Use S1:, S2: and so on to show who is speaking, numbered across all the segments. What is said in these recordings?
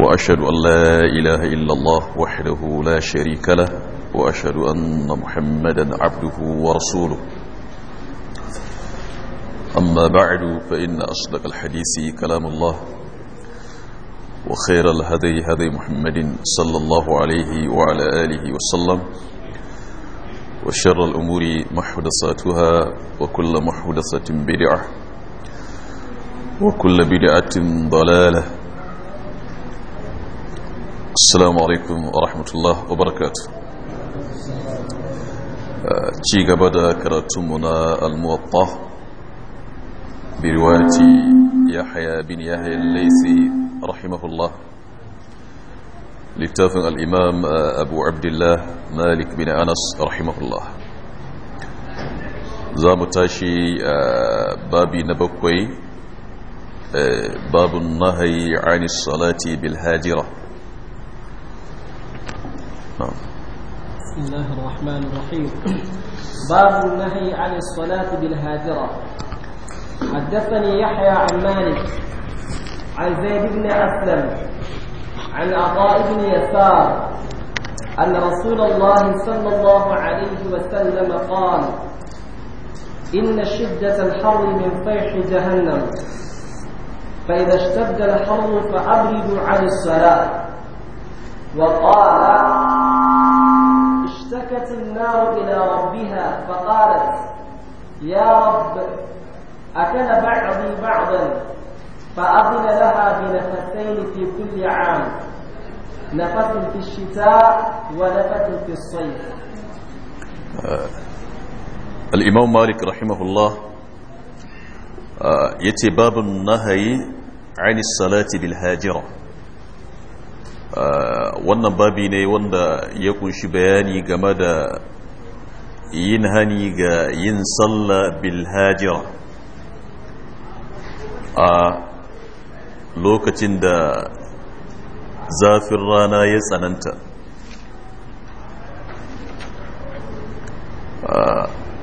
S1: وأشهد أن لا إله إلا الله وحده لا شريك له وأشهد أن محمدا عبده ورسوله أما بعد فإن أصدق الحديث كلام الله وخير الهدي هدي محمد صلى الله عليه وعلى آله وسلم وشر الأمور محدثاتها وكل محدثة بدعة وكل بدعة ضلالة السلام عليكم ورحمة الله وبركاته ci gaba da karatunmu na almuwatta bi riwayati yahya bin yahya al-laythi rahimahullah littafin al-imam abu abdullah malik bin anas rahimahullah za mu tashi babi na bakwai babun nahayi anis salati bil hajira نعم
S2: بسم الله الرحمن الرحيم باب النهي عن الصلاة بالهاجرة حدثني يحيى عن مالك عن زيد بن أسلم عن عطاء بن يسار أن رسول الله صلى الله عليه وسلم قال إن شدة الحر من فيح جهنم فإذا اشتد الحر فأبردوا عن الصلاة وقال سكت النار إلى ربها فقالت يا رب أكل بعضي بعضا فأضل لها بنفسين في كل عام نفس في الشتاء ونفس في الصيف
S1: آه. الإمام مالك رحمه الله آه يتي باب النهي عن الصلاة بالهاجرة Uh, wannan babi ne wanda ya kunshi bayani game da yin hani ga yin sallah bilhajira a lokacin da zafin rana ya tsananta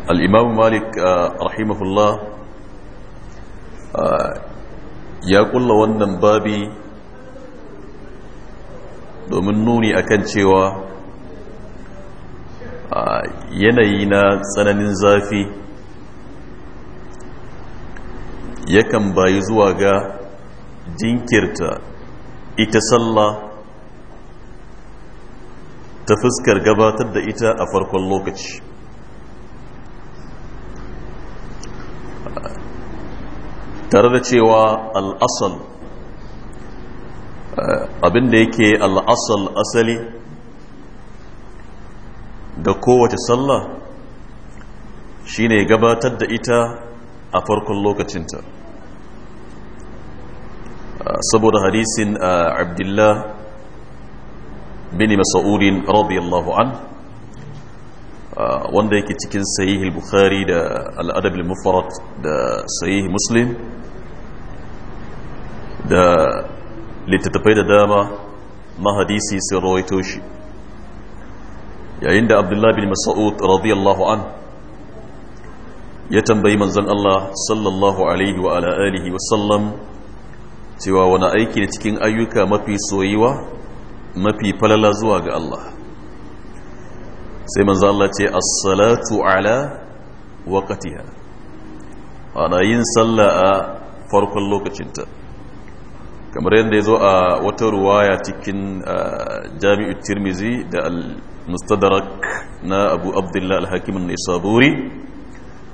S1: al'imamu malik uh, rahimahullah uh, ya kulla wannan babi domin nuni akan cewa yanayi na tsananin zafi yakan bayi zuwa ga jinkirta ita sallah ta fuskar gabatar da ita a farkon lokaci tare da cewa al'asal abin da yake al'asal asali da kowace sallah shine gabatar da ita a farkon lokacinta ah, saboda hadisin ah, abdullah bin masa'udin radiyallahu an ah, wanda yake cikin sahih bukhari da al'adab al-mufarat da sahih muslim da littattafai da dama mahadisi sun rawaito shi yayin da abdullahi bin mas'ud radiyallahu an ya tambayi manzon Allah sallallahu alaihi wa ala alihi wa sallam cewa wani aiki ne cikin ayyuka mafi soyuwa mafi falala zuwa ga Allah sai manzon Allah ce as-salatu ala waqtiha ana yin sallah a farkon lokacinta kamar yadda ya zo a wata ruwaya cikin jami'u tirmizi da al-mustadrak na abu Abdullahi al-hakim al Saburi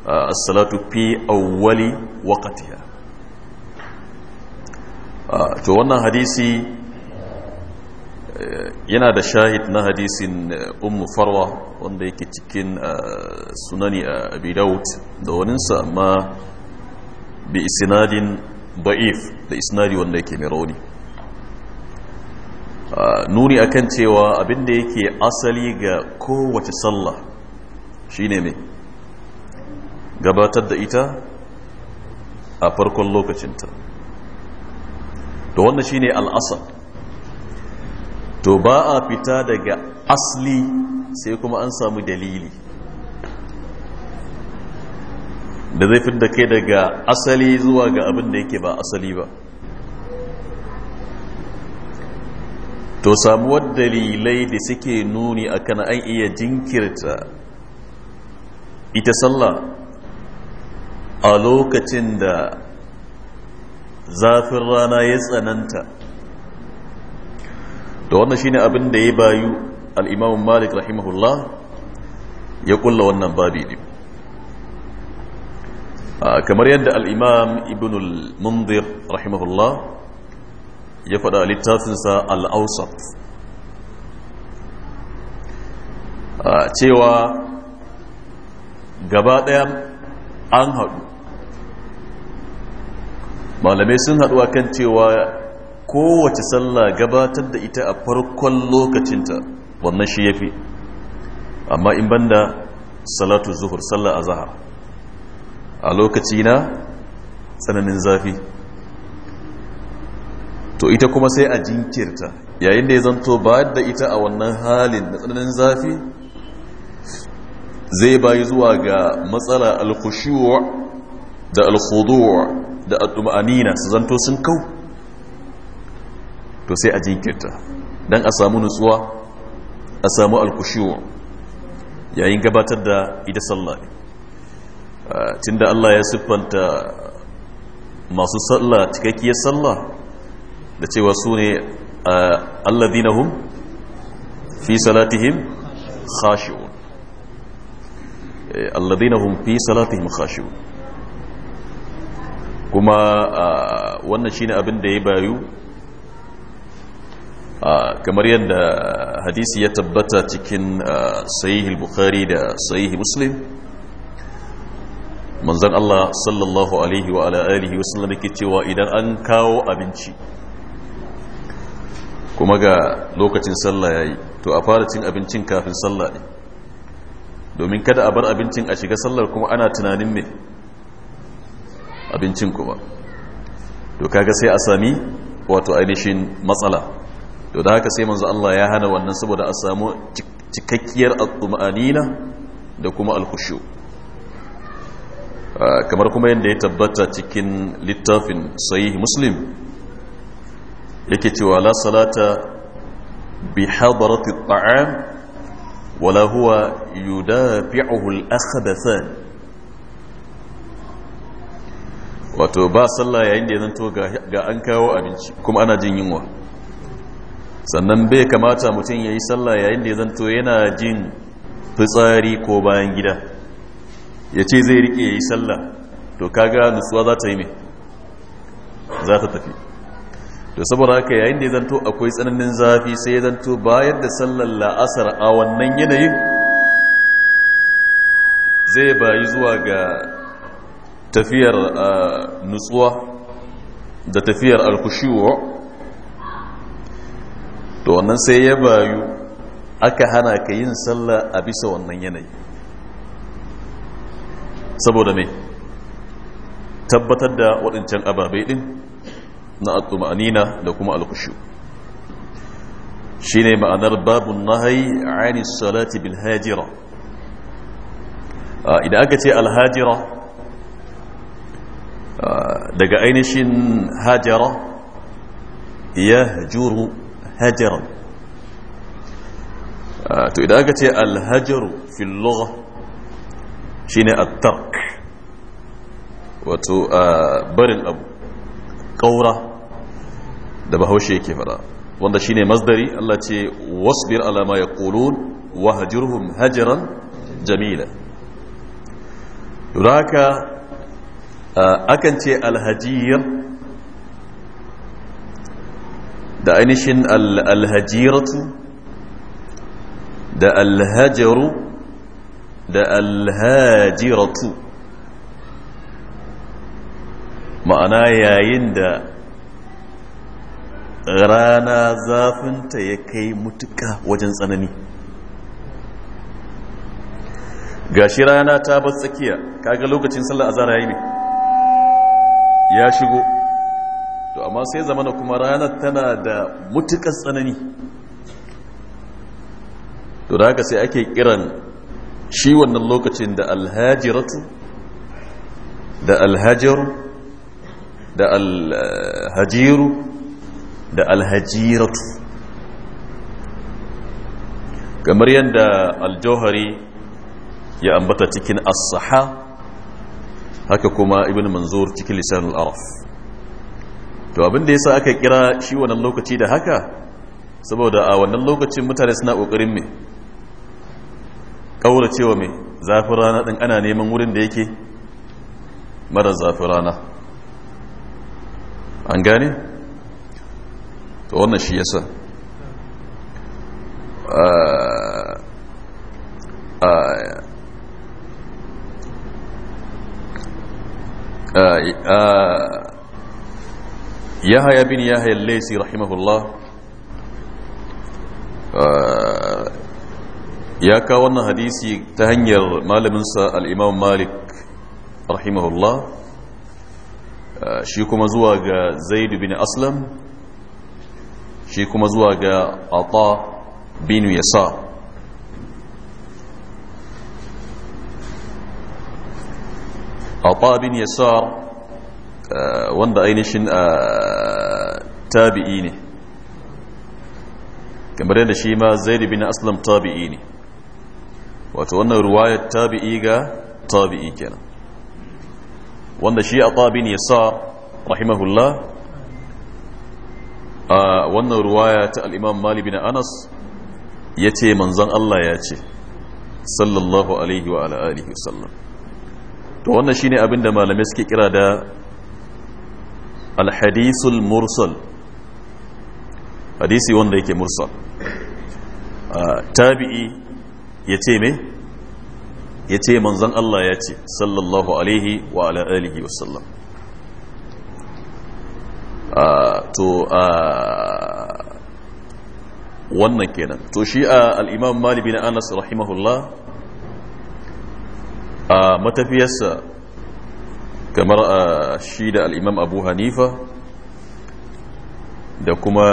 S1: as-salatu fi awwali waqtiha to wannan hadisi eh, yana da shahid na hadisin eh, ummu farwa wanda yake cikin eh, sunani a abi da waninsa amma bi isnadin ba'if da isnari wanda yake mai rauni ah, nuni akan cewa abinda yake asali ga kowace sallah shine mai gabatar da ita a farkon lokacinta to wannan shine al'asar to ba a fita daga asli sai kuma an samu dalili da zai fidda kai daga asali zuwa ga abin da yake ba asali ba to samuwar dalilai da suke nuni akan an iya jinkirta ita sallah a lokacin da zafin rana ya tsananta da wannan shine abin da ya bayu al'imamun malik rahimahullah ya kulla wannan babi ne Ah, kamar yadda al'imam ibn al-mundir rahimahullah ya faɗa a littafinsa al'ausat ah, cewa gaba ɗaya an haɗu malamai sun haɗu a kan cewa kowace sallah gabatar da ita a farkon lokacinta wannan shi ya fi amma in banda salatu zuhur sallah a zahar a lokaci na tsananin zafi to ita kuma sai a jinkirta yayin da ya zanto ba da ita a wannan halin na tsananin zafi zai bayi zuwa ga matsala alkushuwa da alkhuduwa da al'umanina su zanto sun kau to sai a jinkirta don a samu nutsuwa a samu alkushuwa yayin gabatar da ita sallah Ah, tunda Allah ya siffanta masu sallah cikakkiyar sallah da cewa su ne Allah alladhinahum fi salatihim khashi'un eh, alladhinahum fi salatihim khashi'un kuma ah, wannan shine abin da ya bayu ah, kamar yadda hadisi ya tabbata cikin sahih bukhari da sahih muslim manzan Allah sallallahu alaihi wa wasu wasallam ke cewa idan an kawo abinci kuma ga lokacin sallah ya yi to a fara cin abincin kafin sallah ne domin kada a bar abincin a shiga sallar kuma ana tunanin me abincin kuma to kaga sai a sami wato ainihin matsala to da haka sai manzo Allah ya hana wannan saboda a samu cikakkiyar al da kuma al kamar kuma yadda ya tabbata cikin littafin sahih muslim yake cewa la salata bi hadarati at-ta'am wala huwa yudafi'uhu al-akhbathan wato ba sallah yayin da zanto ga an kawo abinci kuma ana jin yunwa sannan bai kamata mutum yayi sallah yayin da zanto yana jin fitsari ko bayan gida ya ce zai rike ya yi sallah to kaga nutsuwa za ta yi ne za ta tafi to saboda haka yayin da ya zanto akwai tsananin zafi sai ya zanto bayan da sallar la'asar a wannan yanayin zai bayi zuwa ga tafiyar nutsuwa da tafiyar alkushiwa to wannan sai ya bayu aka hana ka yin sallah a bisa wannan yanayi saboda mai tabbatar da waɗancan ababai ɗin na al'umanina da kuma alkushu shi ne ma'anar babun nahai aini salati bil hajira ah, idan aka ce alhajira ah, daga ainihin hajara ya juru hajaran ah, to idan aka ce alhajaru fil shine at-tark wato ah, barin abu da bahaushe yake faɗa. wanda shine masdari Allah ce wasbir ala ma yaqulun wahjurhum hajran jamila raka ah, akan ce alhajiyar da ainihin alhajiratu da alhajaru da alhajiratu ma'ana yayin da rana zafinta ya kai mutuka wajen tsanani gashi rana ta bar tsakiya kaga lokacin sallar azara yayi ne ya shigo to amma sai zamana kuma ranar tana da mutukar tsanani to da haka sai ake kiran shi wannan lokacin da alhajiratu da alhajaru da alhajiru da alhajiratu kamar yadda aljauhari ya ambata cikin as-saha haka kuma ibn manzur cikin lisan araf to abinda yasa aka kira shi wannan lokaci da haka saboda a wannan lokacin mutane suna ƙoƙarin me ƙauracewa mai zafin rana din ana neman wurin da yake mara zafin rana an gane? to wannan shi yasa ah, ah, ah, yahaya bin yahaya laisi rahimahullah ya kawo wannan hadisi ta hanyar malaminsa al'imam malik rahimahullah uh, shi kuma zuwa ga zaid bin aslam shi kuma zuwa ga ata bin yasa ata bin yasa uh, wanda ainihin uh, tabi'i ne kamar yadda shi ma zaid bin aslam tabi'i ne wato wannan ruwayar tabi'i ga tabi'i kenan wanda shi a tabin ya sa rahimahullah a wannan ruwaya ta al'imam malibi na anas ya ce manzan Allah ya ce sallallahu alaihi wa ala'alihi sallam to wannan shi ne abinda malamai suke kira da alhadisul mursal hadisi wanda yake mursal tabi'i ya ce me ya ce manzan Allah ya ce sallallahu alaihi wa ala alihi wasallam to wannan kenan to shi a al'imam malibi na anas rahimahullah a matafiyarsa kamar a shi da al'imam abu hanifa da kuma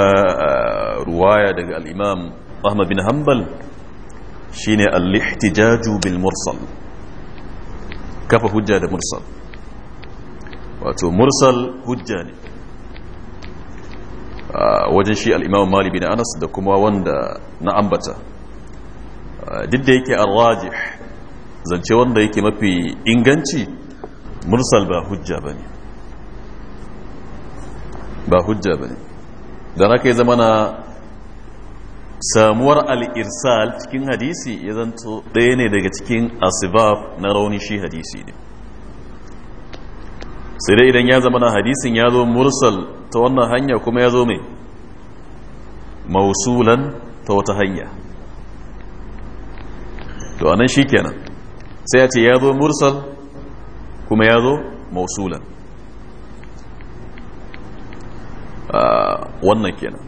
S1: ruwaya daga al'imam ahmad bin hanbal shine al-ihtijaju bil mursal kafa hujja da mursal wato mursal hujja ne wajen shi al-imam malibi na anas da kuma wanda na ambata duk da yake al-rajih zance wanda yake mafi inganci mursal ba hujja ba ne ba hujja ba ne da na kai zamana samuwar al'irsal cikin hadisi ya zanto ɗaya ne daga cikin asibab na rauni shi hadisi ne sai dai idan ya zama na hadisin ya zo mursal ta wannan hanya kuma ya zo mai mausulan ta wata hanya to anan shi kenan sai ya ce ya zo mursal kuma ya zo mausulan ah, wannan kenan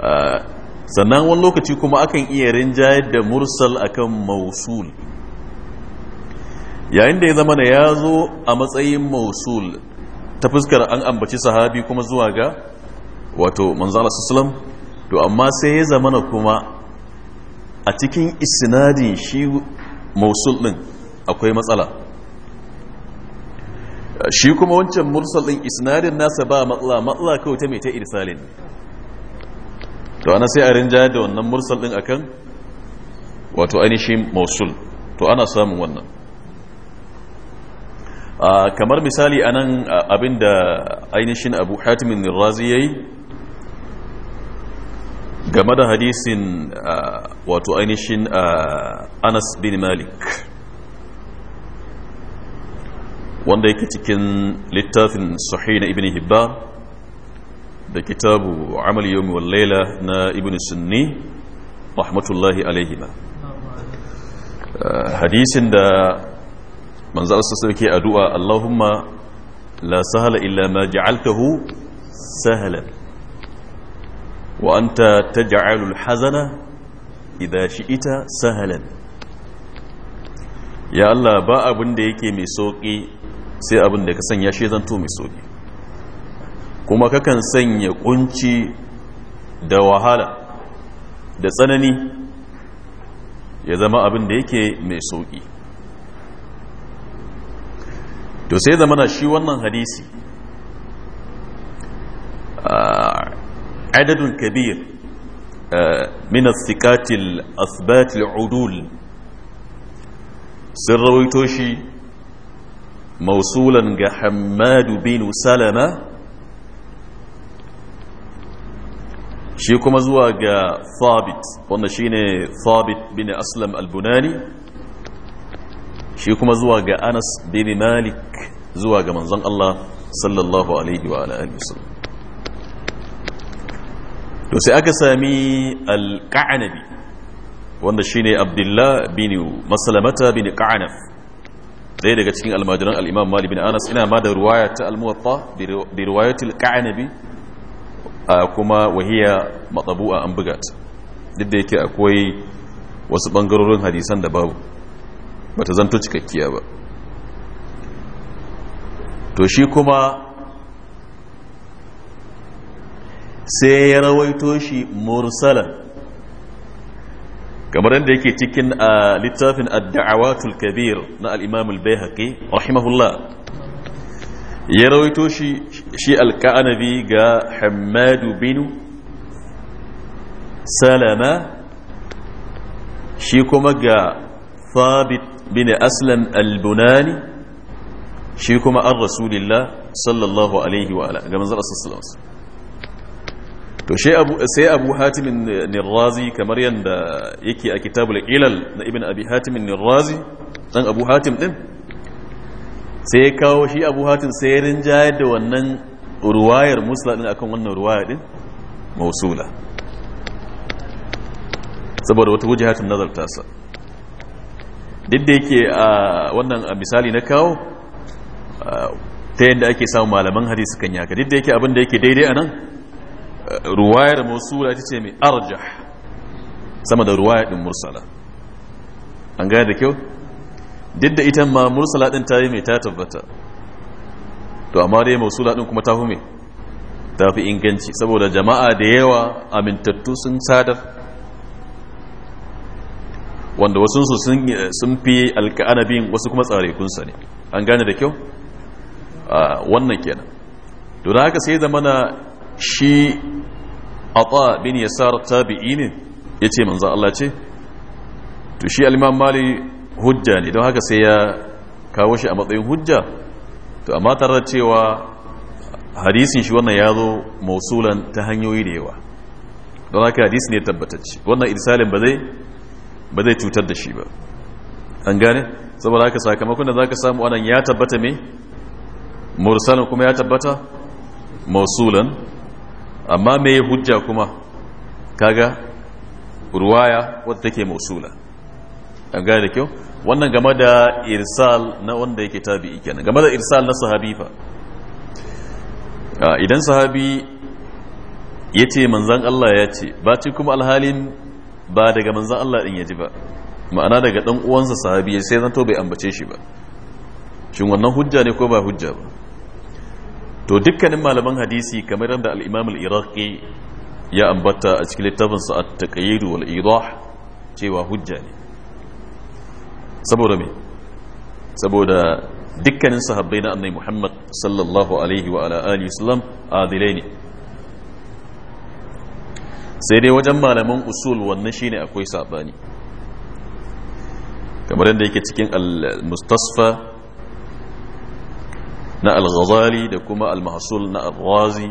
S1: ah, sannan wani lokaci kuma akan iya rinjayar da mursal akan mausul yayin da ya zama na ya zo a matsayin mausul ta fuskar an ambaci sahabi kuma zuwa ga wato manzala sussulam to amma sai ya zama kuma a cikin isinadin shi mausul din akwai matsala shi kuma wancan mursal din isnadin nasa ba matsala matsala kawai ta mai ta irsalin to ana sai a rinja da wannan mursal din akan wato ainihin mausul to ana samun wannan kamar misali anan abinda ainihin abu hatimin razi yayi game da hadisin wato ainihin anas bin malik wanda yake cikin littafin sahih na ibn hibban da kitabu amal yomi wallaila na ibn sunni rahmatullahi alaihima uh, hadisin da manzo Allah sauke addu'a Allahumma la sahla illa ma ja'altahu sahlan wa anta taj'alu al-hazana idha shi'ita sahlan ya Allah ba abin da yake mai sauki sai abin da ka sanya shi zanto mai sauki kuma kakan sanya kunci da wahala da tsanani ya zama abin da yake mai sauƙi to sai zamana shi wannan hadisi adadun kabir min asikatil asbatil udul sun rawaito shi mausulan ga hamadu bin salama shi kuma zuwa ga thabit wanda ne thabit bin aslam al-bunani shi kuma zuwa ga anas bin malik zuwa ga manzon Allah sallallahu alaihi wa alihi wasallam to sai aka sami al-qa'nabi wanda shi ne abdullah bin maslamata bin qa'naf dai daga cikin almajiran al-imam malik bin anas ina ma da riwaya ta al-muwatta bi al qa'nabi kuma wahiya matsabu'a an buga duk da yake akwai wasu ɓangarorin hadisan da babu ba ta zanto cikakkiya ba to shi kuma sai ya rawaito shi mursalan kamar yadda yake cikin a littafin adda'awatul kabir na al'imamul bai bayhaqi rahimahullah ya rawaito shi shi alka'anabi ga hamadu binu salama shi kuma ga thabit bin Aslan albunani shi kuma an rasulillah sallallahu alaihi wa ala ga manzar asassalansu to sai abu hatimin nirrazi kamar yadda yake a kitabul ilal na ibn abi hatimin nirrazi dan abu hatim din sai ya kawo shi abu hatim sai ya rinjayar da wannan ruwayar musla din akan wannan ruwayar din mausula saboda wata guji hatin nazarta sa. duk da yake a wannan misali na kawo ta yadda ake samu malaman hadisi kan yaka duk da yake abin da yake daidai a nan ruwayar mausula ita ce mai arjah sama da ruwaya din mursala an gaya da kyau duk da ita ma mursala din ta yi mai ta tabbata to amma dai mausula din kuma ta hume ta fi inganci saboda jama'a da yawa amintattu sun sadar wanda wasunsu sun fi alka'anabin wasu kuma tsarekunsa ne an gane da kyau wannan kenan to da haka sai zama na shi ata bin yasar tabi'i ne ya ce manzan Allah ce to shi alimamali mali hujja ne don haka sai ya kawo shi a matsayin hujja to amma tare da cewa hadisin shi wannan ya zo mausulan ta hanyoyi da yawa don haka hadisi ne tabbatacce wannan irsalin ba zai ba zai cutar da shi ba an gane saboda haka sakamakon da zaka samu anan ya tabbata me mursalin kuma ya tabbata mausulan amma me hujja kuma kaga ruwaya wadda take mausula an gane da kyau wannan game da irsal na wanda yake tabi kenan game da irsal na sahabi fa ah, idan sahabi ya ce manzan Allah ya ce ba ci kuma alhalin ba daga manzan Allah din ya ji ba ma'ana daga dan uwansa sahabi sai zanto bai ambace shi ba shin wannan hujja ne ko ba hujja ba to dukkanin malaman hadisi kamar yadda al-imam ya ambata a cikin littafinsa at-taqyid wal idah cewa hujja ne saboda me saboda dukkanin sahabbai na annai muhammad sallallahu alaihi wa ala alihi wasallam adilai ne sai dai wajen malaman usul wannan shine akwai sabani kamar yadda yake cikin al-mustasfa na al-ghazali da kuma al-mahsul na al-razi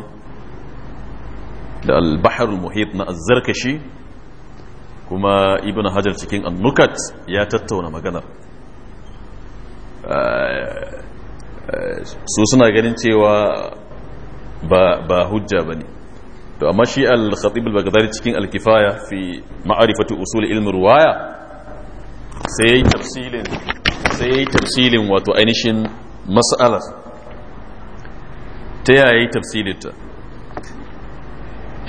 S1: da al-bahr al-muhit na az-zarkashi kuma ibn hajar cikin annukat ya tattauna maganar eh, eh, su suna ganin cewa ba hujja ba ne to amma shi al-khatib al-baghdadi cikin al-kifaya fi ma'arifatu usul ilmi ruwaya sai yayi tafsilin sai yayi tafsilin wato ainihin mas'alar ta yayi tafsilinta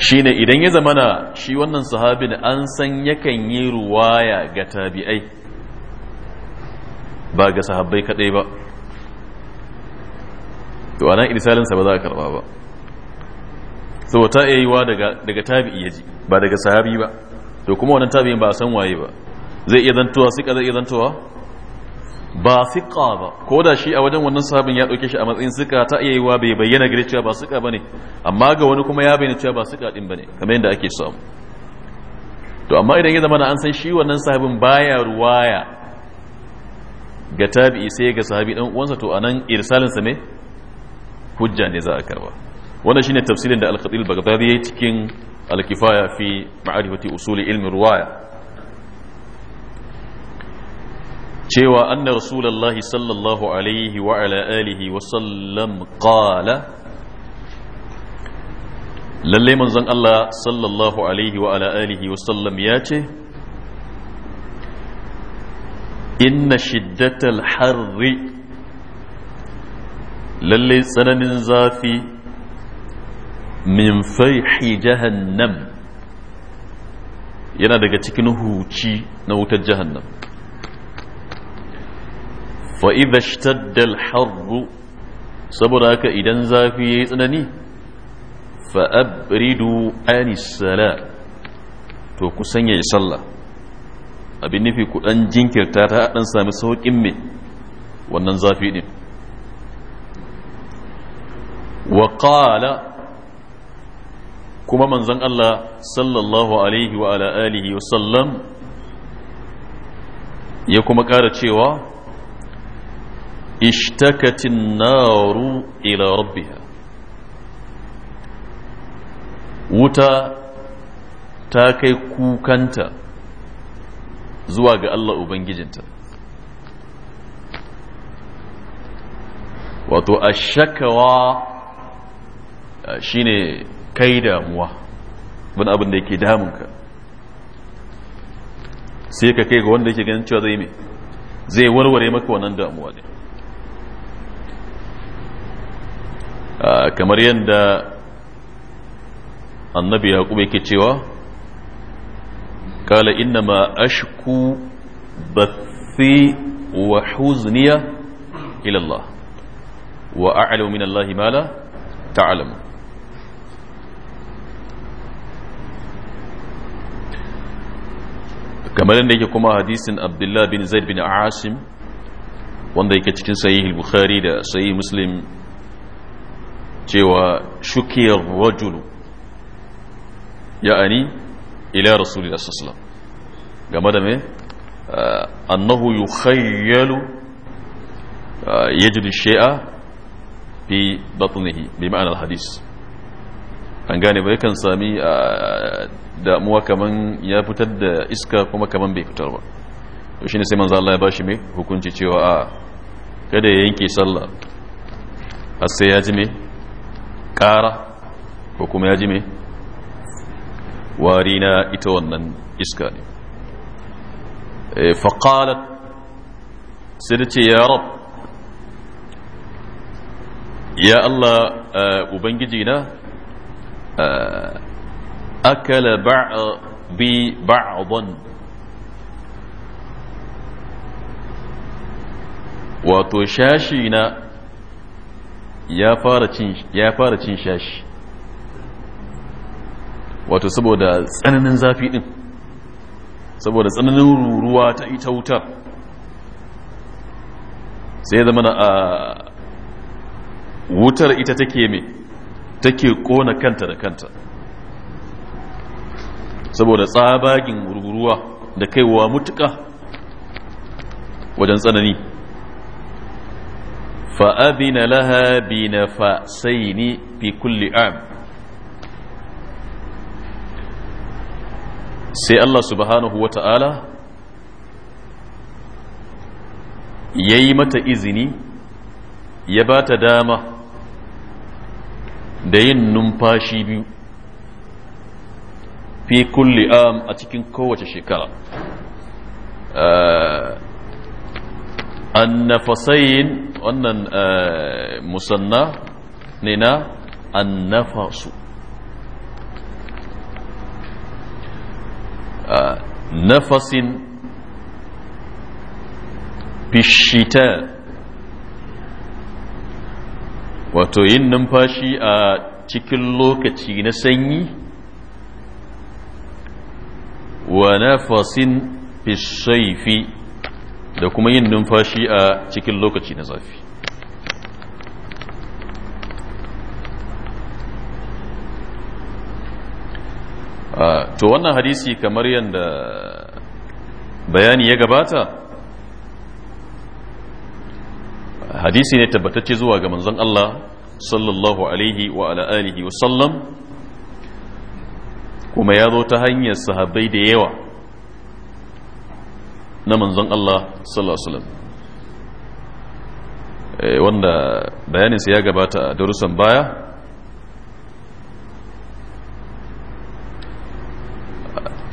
S1: shine idan ya zamana shi wannan sahabin an san yakan yi ruwaya ga tabi'ai ba ga sahabbai kadai ba to anan irsalinsa ba za a karba ba so ta iya wa daga tabi'i ya ji ba daga sahabi ba to kuma wannan tabi'in ba a san waye ba zai iya zantowa suka zai iya zantowa ba siƙa ba ko da shi a wajen wannan sahabin ya ɗauke shi a matsayin siƙa ta iya yiwa bai bayyana gare cewa ba siƙa bane amma ga wani kuma ya bayyana cewa ba siƙa din bane kamar yadda ake samu to amma idan ya zama na an san shi wannan sahabin baya ruwaya ga tabi'i sai ga sahabi dan uwansa to anan irsalin sa me hujja ne za a karba wannan shine tafsirin da al-Khatib al-Baghdadi yayi cikin al-Kifaya fi ma'rifati usuli ilmi ruwaya cewa anna rasulullahi sallallahu alaihi wa ala alihi wa sallam qala lalle manzon Allah sallallahu alaihi wa ala alihi wa sallam ya ce inna shiddatal harri lalle tsananin zafi min faihi jahannam yana daga cikin huci na wutar jahannam fa shtaddal harbu saboda haka idan zafi ya yi tsanani fa abridu anis sala to ku sanya ya sallah abin nufi ku ɗan jinkirta ta ɗan sami saukin me wannan zafi ɗin wa qala kuma manzon Allah sallallahu alaihi wa ala alihi wa sallam ya kuma ƙara cewa ishtakatin naru ila rabbiha wuta ta kai kukanta zuwa ga Allah Ubangijinta wato ashakawa shine kai damuwa wani abin da yake damunka sai ka kai ga wanda yake ganin cewa zai mai zai warware maka wannan damuwa ne Ah, kamar yadda annabi yaƙub yake cewa kala inna ma ashku bathi wa huzniya ilallah wa a'lamu min Allah ma la ta'lamu kamar yadda yake kuma hadisin Abdullah bin Zaid bin Asim wanda yake cikin sahih Bukhari da sahih Muslim cewa shukiyar rajulu ya'ani ila rasulullah sallallahu game da me annahu yukhayyalu yajidu shay'a fi batnihi bi ma'anar hadis an gane bai kan sami damuwa kaman ya fitar da iska kuma kaman bai fitar ba to shine sai manzo Allah ya bashi me hukunci cewa a kada ya yanke sallah har sai ya ji me ƙara ko kuma ya ji me wari na ita wannan iska ne faƙalat sai da ce ya rab ya Allah ubangiji na akala bi ba'adon wato shashi na ya fara cin shashi wato saboda tsananin zafi din saboda tsananin ruwa ta ita wutar sai zama na a wutar ita take me take kona kanta da kanta saboda tsabagin ruruwa da kaiwa mutuka wajen tsanani Ba a bi nafasaini fi kulli am sai Allah subhanahu wa ta'ala ya yi mata izini ya ba ta dama da yin numfashi biyu fi kulli a cikin kowace shekara annafasayin wannan eh, musanna ne na annafasu eh, nafasin fishita wato yin numfashi a cikin lokaci na sanyi wa nafasin fishaifi da kuma yin numfashi a cikin lokaci na zafi to wannan hadisi kamar yadda bayani ya gabata hadisi ne tabbatacce zuwa ga manzon Allah sallallahu alaihi wa kuma ya zo ta hanyar sahabbai da yawa na manzon Allah sallallahu alaihi eh, wanda bayaninsa ya gabata a darussan baya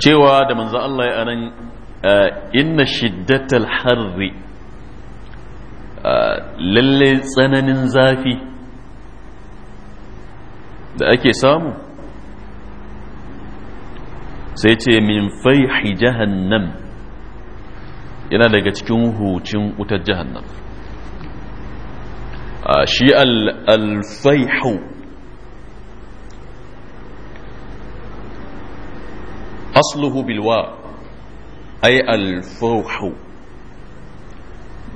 S1: cewa da manzan Allah ya nan eh, inna shiddatal harri eh, lalle tsananin zafi da ake samu sai ce min fai jahannam yana daga cikin hucin wutar jahannan. shi alfaihau asluhu bilwa ai hau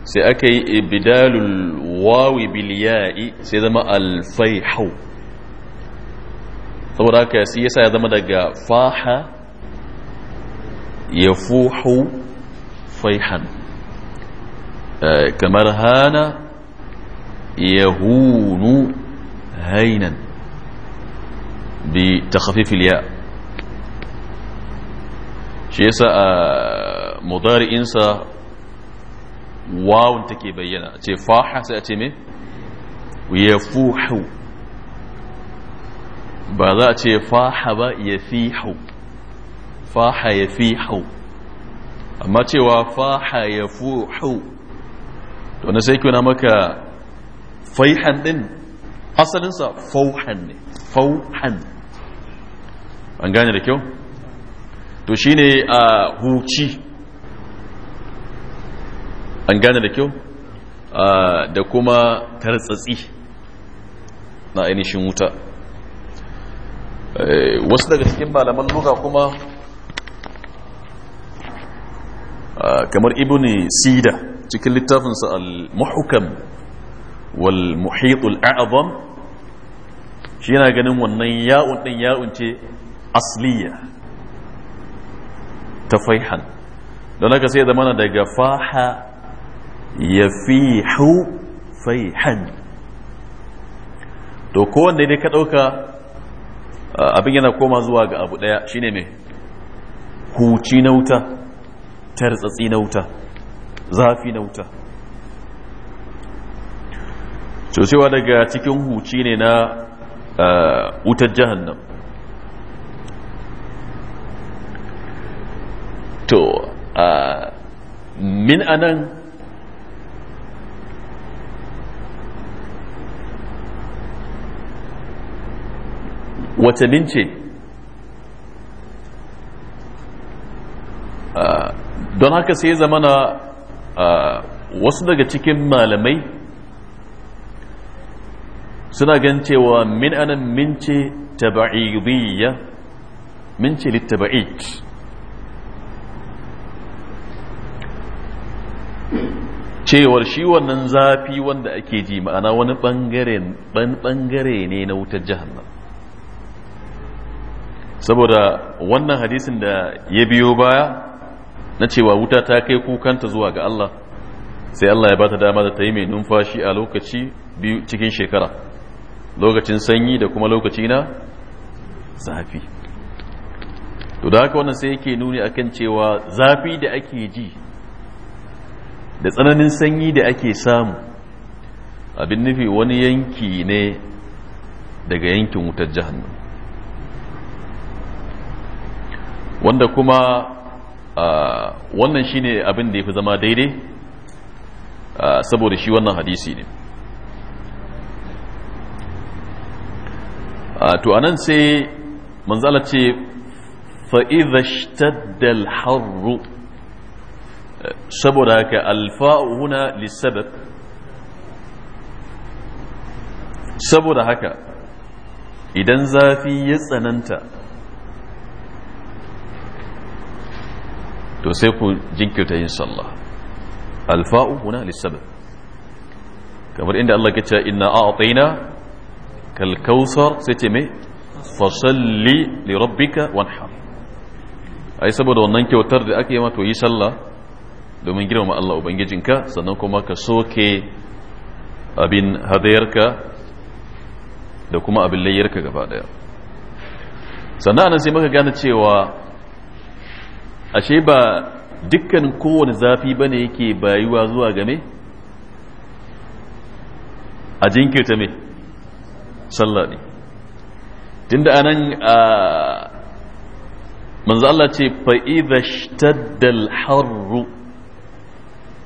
S1: sai aka yi ibidalul wawi biliya'i sai zama hau saboda haka sai yasa ya zama daga faha ya fuhu صفيحا آه، كما رهان يهون هينا بتخفيف الياء شيء يسا آه، مضارع انسا واو تكي بينا تي فاحا ساتيمي ويفوح بعد تي فاحا يفيح فاحا يفيح amma cewa faha ya fuhu to na sai kuna maka faihan din asalinsa fauhan ne fauhan an gane da kyau to shine a huci an gane da kyau da kuma tartsatsi na ainihin wuta eh, wasu daga cikin malaman luga kuma Ah, kamar ibn sida cikin littafinsa al muhukam wal muhit al-a'zam shi yana ganin wannan ya'un din ya'un ce asliya faihan, don haka sai zamana daga faha hau faihan to kowanne ne ka ɗauka ah, abin yana koma zuwa ga abu ɗaya shine mai huci na wuta tsatsi na wuta zafi na wuta cewa daga cikin huci ne na eh, wutar jahannam to eh, min anan watannin ce don haka sai zamana wasu daga cikin malamai suna gan cewa min anan mince taba'idiyya mince cewar shi wannan zafi wanda ake ji ma'ana wani bangare ne na wutar jihannan saboda wannan hadisin da ya biyo baya na cewa wuta ta kai kukanta zuwa ga Allah sai Allah ya bata dama da ta yi mai numfashi a lokaci biyu cikin shekara lokacin sanyi da kuma lokaci na zafi to da haka wannan sai yake nuni akan cewa zafi da ake ji da tsananin sanyi da ake samu abin nufi wani yanki ne daga yankin wutar jihannu wanda kuma Ah, wannan ne abin da ya fi zama daidai ah, saboda shi wannan hadisi ne ah, to anan sai manzala ce fa'iza shtaddal harru saboda haka alfa'u huna saboda haka idan zafi ya tsananta to sai ku jinkirta yin sallah alfa'u huna lissabab kamar inda Allah ke ce inna a'taina kal kausar sai ce me fasalli li rabbika wanhar ai saboda wannan kyautar da aka yi mata yi sallah domin girmama Allah ubangijinka sannan kuma ka soke abin hadayarka da kuma abin layyarka gaba daya sannan anan sai muka gane cewa ashe ba dukkan kowane zafi ba ne yake bayuwa zuwa game a jinkirta me sallah ne tunda anan a manzo Allah ce fa idha shtaddal harru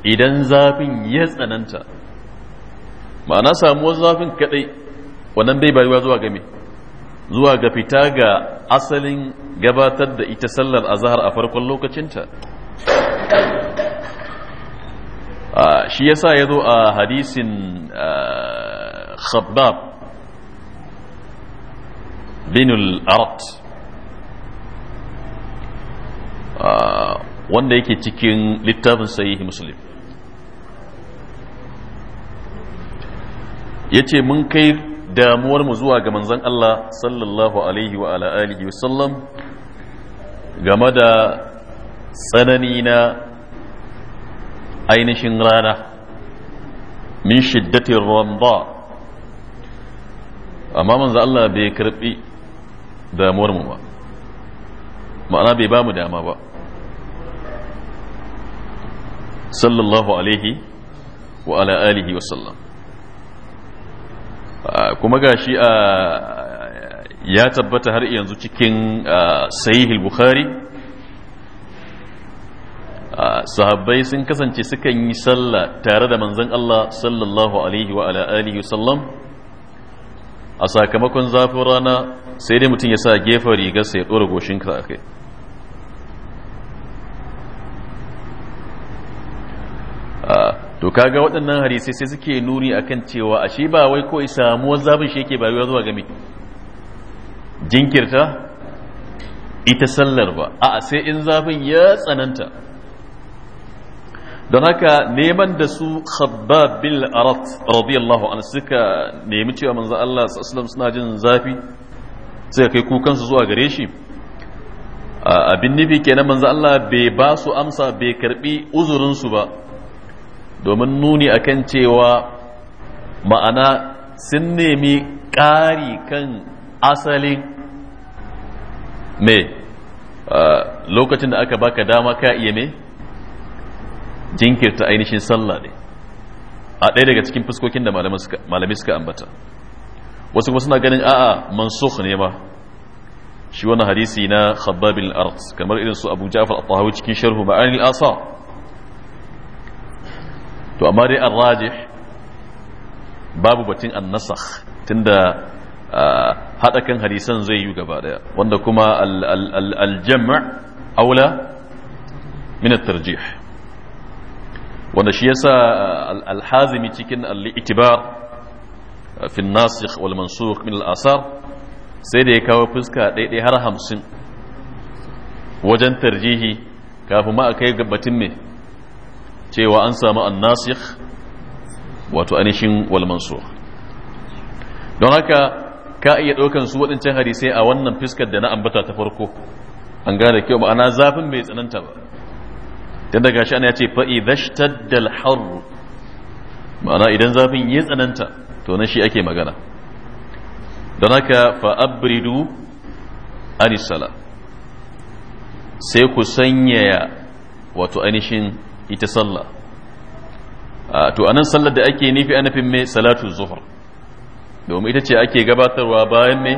S1: idan zafin ya tsananta ma'ana samuwar zafin kadai wannan bai bayuwa zuwa game zuwa ga fita ga asalin gabatar da ita sallar azahar a farkon lokacinta shi yasa ya zo a hadisin khabbab bin al-arat wanda yake cikin littafin sahihi muslim ya ce mun kai damuwarmu zuwa ga manzon Allah sallallahu alaihi wa ala alihi wa sallam game da tsanani na ainihin rana min shiddatin ba amma manzo Allah bai karbi damuwar mu ba ma'ana bai ba mu dama ba sallallahu alaihi wa ala alihi wa kuma gashi a ya tabbata har yanzu cikin ah, sahihul bukhari ah, sahabbai sun kasance sukan yi sallah tare da manzon Allah sallallahu alaihi wa ala alihi sallam a sakamakon zafin rana sai dai mutum ya sa gefen sai ya dora goshin ah, ka kai to kaga waɗannan harisai sai suke nuni akan cewa ashe ba wai ko samuwar zafin shi yake bayuwa zuwa ga jinkirta ita sallar ba a sai in zafin ya tsananta don haka neman da su khabbab bil arat radiyallahu an suka nemi cewa manzo Allah sallallahu suna jin zafi sai kai kukansu zuwa gare shi abin nufi kenan manzo Allah bai ba su amsa bai karbi uzurin su ba domin nuni akan cewa ma'ana sun nemi ƙari kan asalin me lokacin da aka baka dama ka iya me jinkirta ainihin sallah ne a ɗaya daga cikin fuskokin da malamai suka ambata wasu kuma suna ganin a'a mansukh ne ma shi wani hadisi na khabbab al-ard kamar irin su Abu Ja'far al-Tahawi cikin sharhu ma'ani al asa? to amma dai ar-rajih babu batun an-nasakh tunda haɗa kan hadisan zai yi gaba ɗaya wanda kuma aljama aula min tarjih wanda shi yasa alhazimi cikin al-itibar fi nasikh wal mansukh min al-asar sai da ya kawo fuska ɗaiɗai har hamsin wajen tarjihi kafin ma a kai batun ne cewa an samu an nasikh wato anishin wal mansukh don haka ka iya ɗaukan su waɗancan hadisai a wannan fiskar da na ambata ta farko an gane kyau ma'ana zafin bai tsananta ba tun daga shi ana ce fa'i zashtadda harru ma'ana idan zafin ya tsananta to na shi ake magana don haka fa'abridu anisala sai ku sanyaya wato ainihin ita sallah to anan sallar da ake nufi a nufin mai salatu zuhur domin ita ce ake gabatarwa bayan ne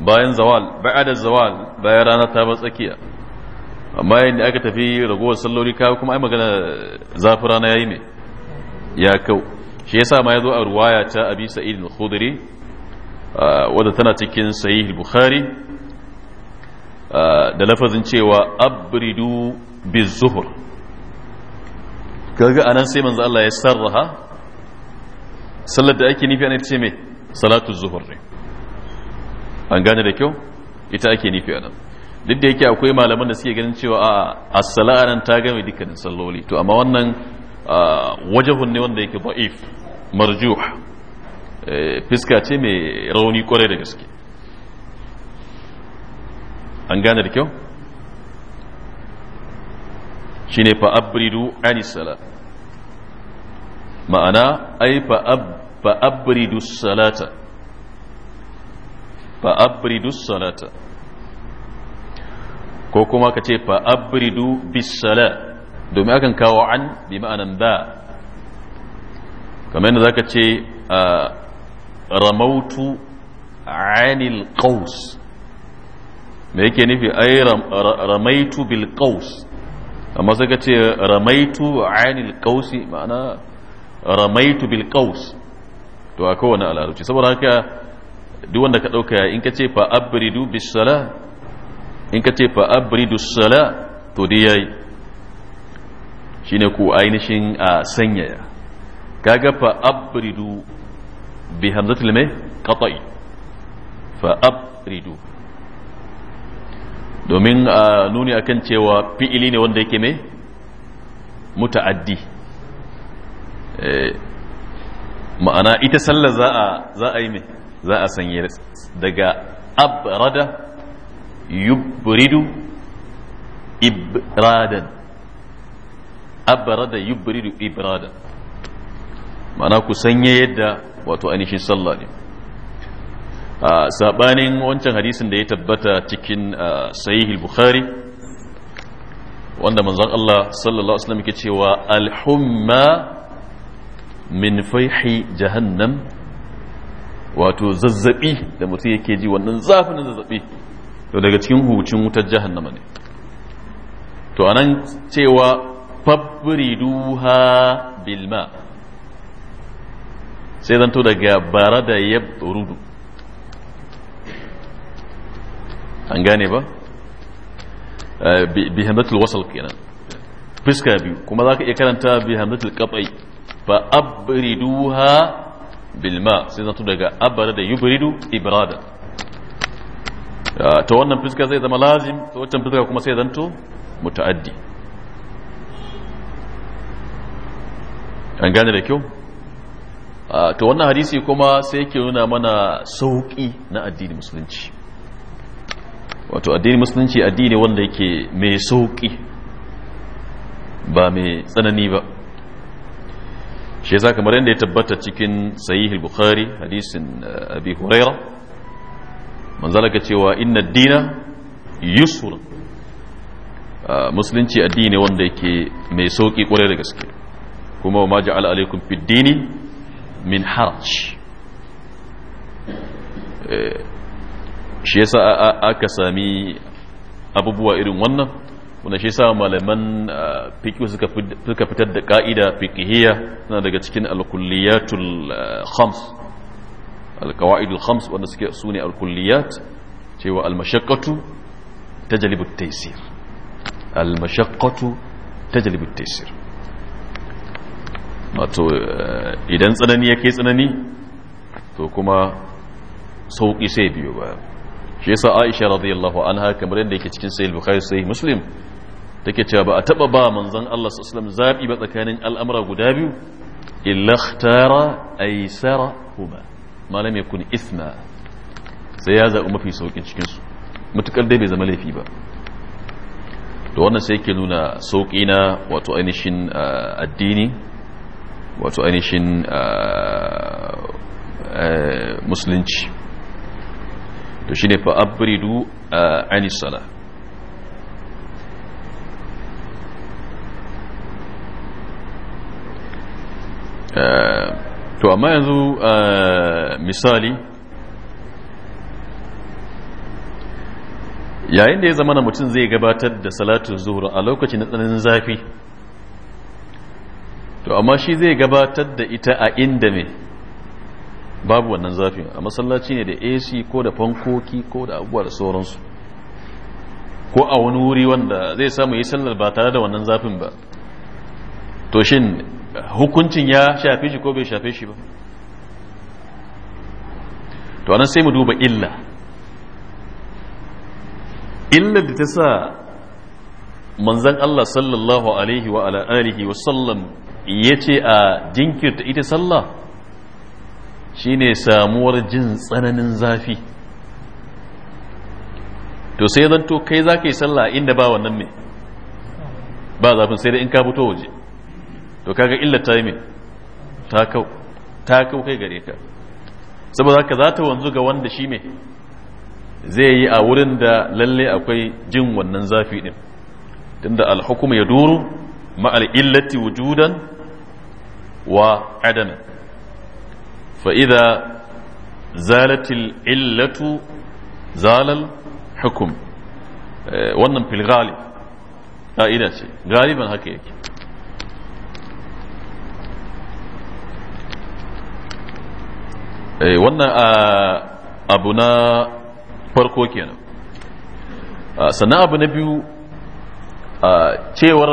S1: bayan zawal ba'ada zawal bayan rana ta ba tsakiya amma yadda aka tafi ragowar salloli kawai kuma ai magana zafi rana yayi ne ya kau shi yasa ma yazo a ruwaya ta Abi Sa'id al-Khudri wadda tana cikin Sahih al-Bukhari da lafazin cewa abridu bizuhur kaga anan sai manzo Allah ya sarraha sallar da ake nufi ana ce mai salatu zuhur ne an gane da kyau ita ake nufi a nan duk da yake akwai malaman da suke ganin cewa a as-sala nan ta game dukkanin salloli to amma wannan wajahun ne wanda yake ba'if marjuh eh, fiska ce mai rauni kwarai da gaske an gane da kyau shine fa abridu anisala ma'ana ai fa'abridus salata fa'abridus salata ko kuma ka ce fa'abridu bisala domin akan kawo an bi ma'anan da kamar yadda za ka ce ramautu anil qaus me yake nufi ai ramaitu bil qaus amma sai ka ce ramaitu anil qausi ma'ana ramaitu bil qaus to akwai wani al'arabci saboda haka duk wanda ka dauka in ka ce fa abridu bis sala in ka ce fa abridu sala to dai yayi shine ku ainihin a sanyaya kaga fa abridu bi hamzatil mai qata'i fa abridu domin nuni akan cewa fi'ili ne wanda yake mai muta'addi Eh, ma'ana ita sallar za a za a yi mai za a sanya daga abrada yubridu ibradan abrada yubridu ibradan ma'ana ku sanya yadda wato ainihin sallah ne sabanin wancan hadisin da ya tabbata cikin sahihul bukhari wanda manzon Allah sallallahu alaihi wasallam yake cewa al-humma min faihi jahannam wato zazzabi da mutum yake ji wannan zafin zazzabi to daga cikin hucin wutar jahannama ne to anan cewa fabriduha bilma sai zanto daga bara da yabrudu an gane ba eh, bi hamdatul wasal kenan fiska biyu kuma zaka iya karanta bi hamdatul qat'i fa abriduha bilma sai zato daga abara da yubridu ibrada ah, ta wannan fuska zai zama lazim ta wancan fuska kuma sai zanto muta'addi an gane da kyau ah, to wannan hadisi kuma sai yake nuna mana sauƙi na addini musulunci wato addini musulunci addini wanda yake mai sauƙi ba mai tsanani ba shi yasa kamar yadda ya tabbata cikin sahihul bukhari hadisin eh, abi huraira manzala ka cewa inna dina yusur eh, musulunci addini wanda yake mai sauki kwarai da gaske kuma ma ja'ala alaikum fid dini min haraj eh, shi yasa aka sami abubuwa irin wannan wanda shi sa malaman fiqh suka fitar da ka'ida fiqhiyya suna daga cikin al-kulliyatul khams al-qawaidul khams wanda suke sune al-kulliyat cewa al-mashaqqatu tajlibu at-taysir al-mashaqqatu tajlibu at-taysir wato idan tsanani yake tsanani to kuma sauki sai biyo ba shi yasa Aisha radiyallahu anha kamar yadda yake cikin sahih Bukhari sahih Muslim take cewa ba a taba ba manzon Allah sallallahu alaihi zabi ba tsakanin al'amura guda biyu illa ikhtara aysara huma malam yakun isma sai ya zabi mafi saukin cikin su mutukar dai bai zama laifi ba to wannan sai yake nuna sauki na wato ainihin ah, addini wato ainihin ah, eh, musulunci to shine fa abridu ah, anisala Eh, to amma yanzu eh, misali yayin da ya zama na mutum zai gabatar da salatun zuhur a lokacin na tsananin zafi to amma shi zai gabatar da ita a inda me babu wannan zafi. a masallaci ne da ac ko da fankoki ko da abubuwa da sauransu ko a wani wuri wanda zai samu yi sallar ba tare da wannan zafin ba to shin hukuncin ya shafe shi ko bai shafe shi ba to anan sai mu duba illa illar da ta sa manzan Allah sallallahu alaihi wa alihi wa sallam ya ce a jinkirta ita sallah shine samuwar jin tsananin zafi to sai zanto kai za ka yi sallah inda ba wannan ne ba zafin sai da in ka fito waje to kaga illar ta yi min ta kau ta kau kai gare ka saboda haka za ta wanzu ga wanda shi me zai yi a wurin da lalle akwai jin wannan zafi din tunda alhukum ya duru ma illati wujudan wa adaman fa idza zalat illatu zalal hukum eh, wannan fil ghalib ka'ida ce galiban haka yake Eh, wannan ah, abu na farko kenan ah, sannan abu na biyu ah, cewar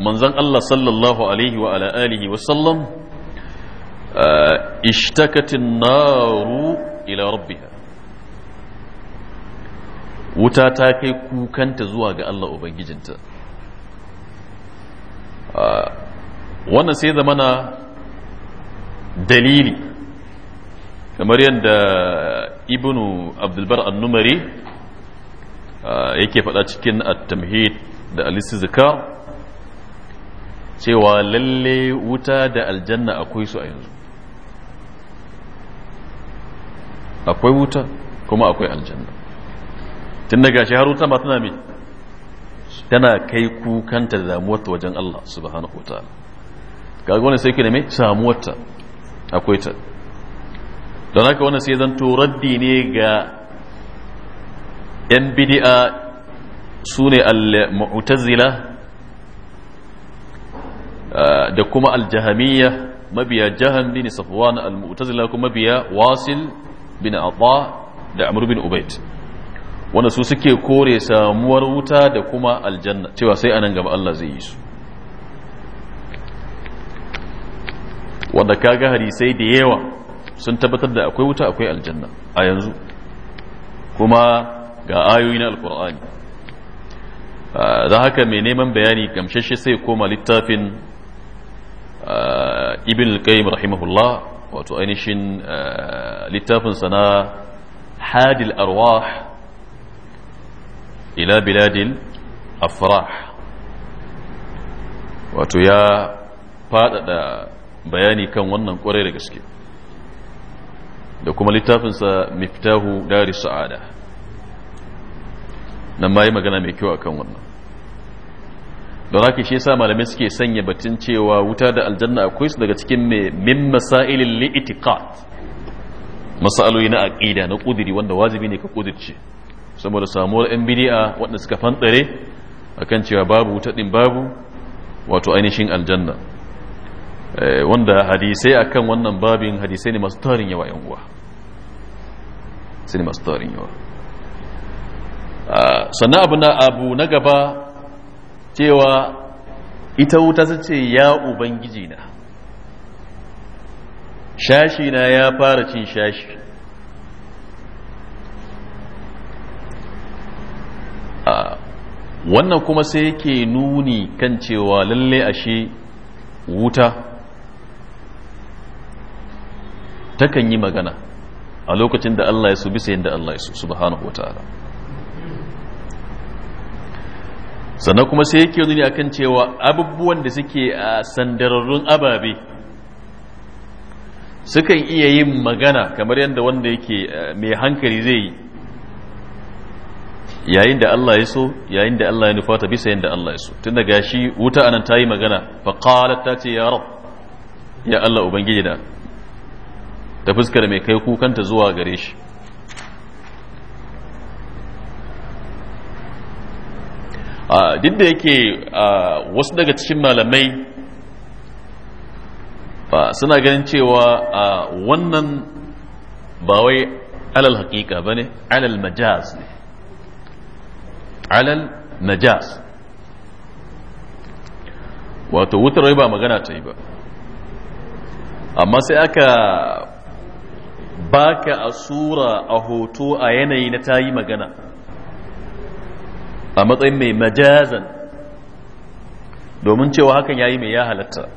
S1: manzon Allah sallallahu alaihi wa alihi wa sallam ishtakatin naru ila rabbiha wuta ta kai kukanta zuwa ga Allah ubangijinta wannan sai zamana dalili kamar yadda ibnu abdulbar annumari uh, yake faɗa cikin at-tamhid da al-istizkar cewa lalle wuta da aljanna akwai su a yanzu akwai wuta kuma akwai aljanna tun daga shi har wuta ma tana mai tana kai kukanta da damuwarta wajen Allah subhanahu wa ta'ala ga wani sai ki da mai samuwarta akwai ta don haka wannan sai zanto turaddi ne ga 'yan bidi'a su ne al-mu'tazila da kuma al-jahamiyya mabiya jahan bin safwan al-mu'tazila kuma mabiya wasil bin adha da amr bin ubayd wanda su suke kore samuwar wuta da kuma aljanna cewa sai anan gaba Allah zai yi su wanda kaga hadisai da yawa sun tabbatar da akwai wuta akwai aljanna a yanzu kuma ga ayoyi na alkur'ani ah, da haka mai neman bayani gamshashe sai koma littafin ah, ibn al-qayyim rahimahullah wato ainihin ah, littafin sana hadil arwah ila biladil afrah wato ya faɗaɗa bayani kan wannan kwarai da gaske da kuma littafinsa miftahu dari sa'ada nan ma yi magana mai kyau akan wannan don haka shi yasa malamai suke sanya batun cewa wuta da aljanna akwai su daga cikin mai min masailin li'itiqat masaloli na aqida na kudiri wanda wajibi ne ka kudirce saboda samuwar yan bidi'a wanda suka fantsare akan cewa babu wuta din babu wato ainihin aljanna eh, wanda hadisai akan wannan babin hadisai ne masu tarin yawa yan uwa su masu yawa ah, sannan abu na abu na gaba cewa ita wuta su ce ya ubangiji na shashi na ya fara cin shashi ah, wannan kuma sai yake nuni kan cewa lalle ashe wuta takan yi magana a lokacin da Allah ya so bisa yadda Allah ya so subhanahu ta'ala, sannan kuma sai yake a akan cewa abubuwan da suke a sandararrun ababe sukan iya yin magana kamar yadda wanda yake mai hankali zai yi yayin da Allah ya so yayin da Allah ya nufa ta bisa yadda Allah ya so tun gashi wuta anan ta yi magana fa qalat ta ce ya ya Allah ubangiji da ta fuskar mai kai kukanta zuwa gare shi duk da yake wasu daga cikin malamai suna ganin cewa wannan ba wai alal haƙiƙa ba ne alal majaz ne alal majaz wato wutar ba magana ta yi ba amma sai aka baka a sura a hoto a yanayi na tayi magana a matsayin mai majazan domin cewa hakan yayi mai ya halatta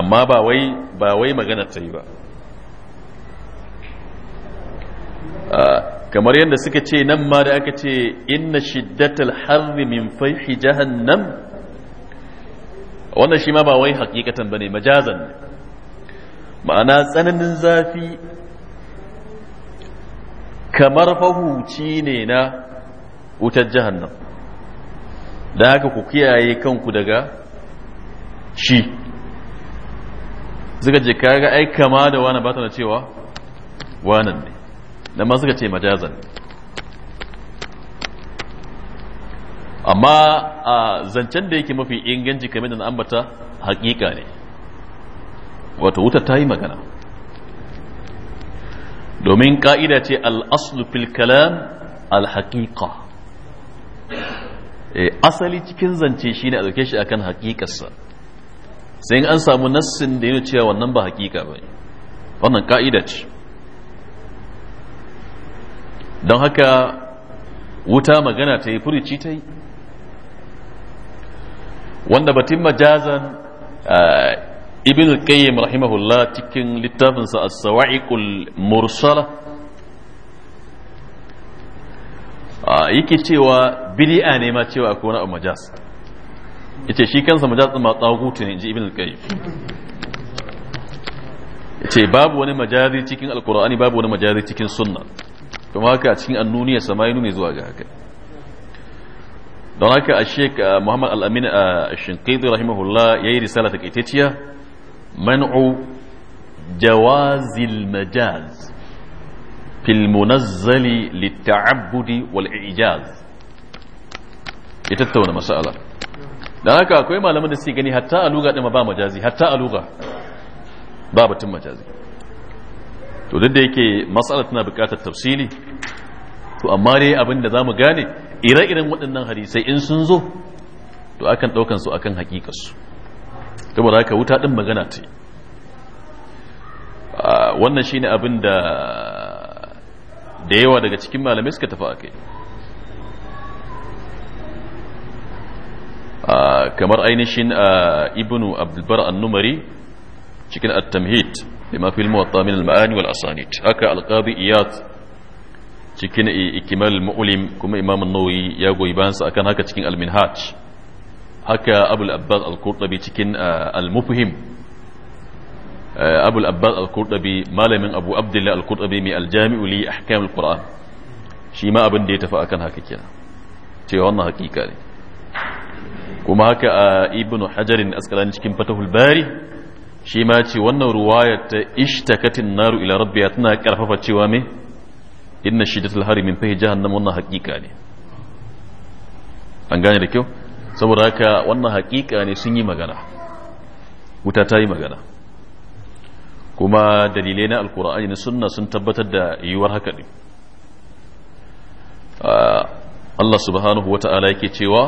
S1: amma ba wai ba wai magana ta yi ba kamar yadda suka ce nan ma da aka ce inna shiddatal harri min faihi jahannam wannan shi ma ba wai hakikatan bane majazan ne ma'ana tsananin zafi kamar fahuci ne na wutar jahannan da haka ku kiyaye kanku daga shi suka ce kaga ai kama da wani ba na cewa wanan ne da ma suka ce majazan amma a zancen da yake mafi inganci kamar da na ambata hakika ne wato wutar ta yi magana domin ka'ida ce al'aslu fil kalam al-haƙiƙa eh, asali cikin zance shi ne a shi akan haƙiƙarsa sai an samu nassin da yana cewa wannan ba haƙiƙa ba wannan ka'ida ce don haka wuta magana ta yi furici ta yi wanda batun majazan eh, ibn al-qayyim rahimahullah cikin littafinsa as-sawa'iqul mursala yake cewa bid'a ne ma cewa akwai wani majas yace shi kansa majas ma tsagutu ne inji ibn al-qayyim yace babu wani majazi cikin alqur'ani babu wani majazi cikin sunna kuma haka a cikin annuniya samayi ne zuwa ga haka don haka a sheik muhammad al-amin a shinkaitu rahimahullah ya yi risala takaitacciya منع جواز المجاز في المنزل للتعبد والإعجاز يتتونا ما da الله akwai malaman da suke gani hatta a luga ɗin ba حتى hatta a تم ba batun to duk da yake matsalar tana buƙatar tafsili to amma dai abin da za mu gane ire-iren waɗannan hadisai in sun zo to akan ɗaukan su akan su. saboda haka wuta ɗin magana ce wannan shine abin da da yawa daga cikin malamai suka tafi a kai kamar ainihin ibnu abdulbar annumari cikin at-tamhid lima fil muwatta al-ma'ani wal asanit haka al iyat iyad cikin ikimal ma'ulim kuma imam nauyi ya goyi bayansa akan haka cikin al-minhaj haka abul abbas al-qurtubi cikin al-mufhim abul abbas al-qurtubi malamin abu abdullahi al-qurtubi mai al-jami'u li ahkam al-qur'an shi ma abin da ya tafi akan haka kenan ce wannan hakika ne kuma haka ibnu hajarin askalani cikin fatahul bari shi ma ce wannan ruwayar ta ishtakatin naru ila rabbiya tana karfafa cewa me inna shiddatul harimi fi jahannam wannan hakika ne an gane da kyau saboda haka wannan hakika ne sun yi magana wuta ta yi magana kuma dalilai na alkur'ani na sunna sun tabbatar da yiwuwar haka ne ah, Allah subhanahu wa ta'ala yake cewa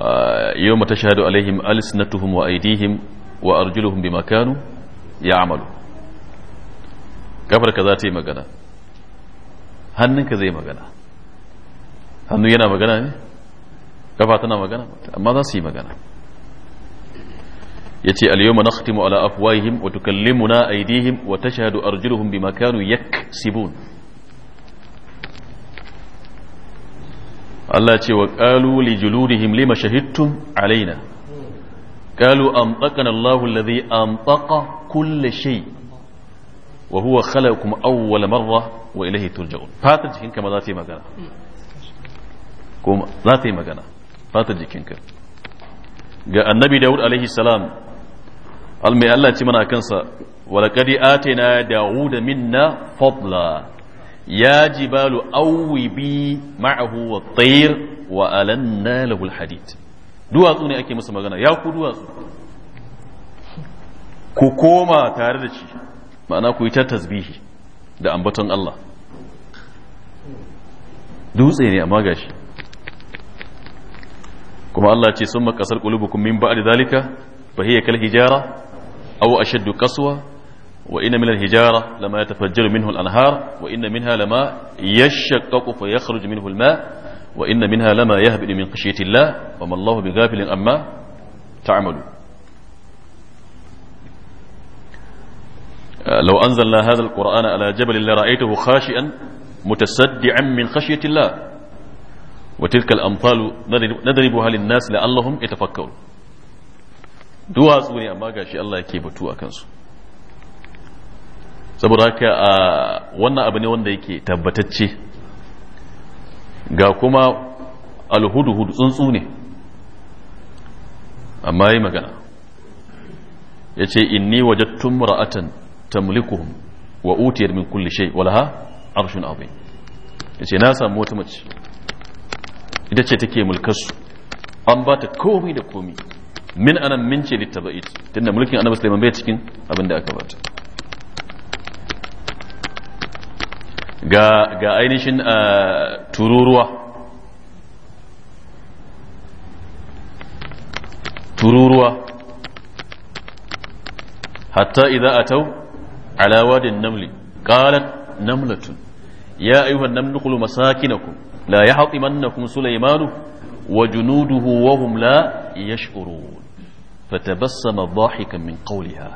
S1: ah, yau mata shahadu alaihim alisnatuhum wa aidihim wa arjuluhum bi makanu ya amalu ka za ta yi magana hannunka zai magana hannu yana magana ne kafa tana magana amma za su yi magana yace al-yawma nakhtimu ala afwahihim wa tukallimuna aydihim wa tashhadu arjuluhum bima kanu yaksibun Allah ce wa qalu li juludihim lima shahidtum alaina قالوا أنطقنا الله الذي أنطق كل شيء وهو خلقكم أول مرة وإليه ترجعون فاتت كما ذاتي مكانا كما ذاتي مكانا fatar jikinka ga annabi dawud alaihi salam almai allah ci mana kansa walakadi atina daud minna fadla ya jibalu bi ma'ahu wa wa alanna lahu alhadid duwatsu ne ake masa magana ya ku duwatsu ku koma tare da shi ma'ana ku yi ta tasbihi da ambaton Allah dutse ne amma gashi kuma Allah ce sun makasar qulubukum min ba'di zalika fa hiya kal hijara aw ashaddu qaswa wa inna min al hijara lama yatafajjaru minhu al anhar wa inna minha lama yashaqqaqu fa yakhruj minhu al ma' wa inna minha lama yahbidu min khashyati Allah wa ma Allahu bighafilin amma ta'malu لو أنزلنا هذا القرآن على جبل لرأيته خاشئا متسدعا من خشية الله wa tilkal amsalu nadribu halin nas la'allahum yatafakkarun duwatsu ne amma gashi Allah yake batu a kansu saboda haka a wannan abu ne wanda yake tabbatacce ga kuma alhudu-hudu tsuntsu ne amma yi magana ya ce inni wajattun ra'atan tamlikuhum wa utiyar min kulli shay walaha arshun azim ya ce na samu wata mace ita ce take mulkarsu an ba ta komai da komai min anan min ce littaba'it tunda mulkin annabi sulaiman bai cikin abin da aka bata ga ga ainihin ah, tururuwa tururuwa hatta idza atau ala wadin namli qalat namlatun ya ayuha namlu masakinakum لا يحطمنكم سليمان وجنوده وهم لا يشعرون فتبسم ضاحكا من قولها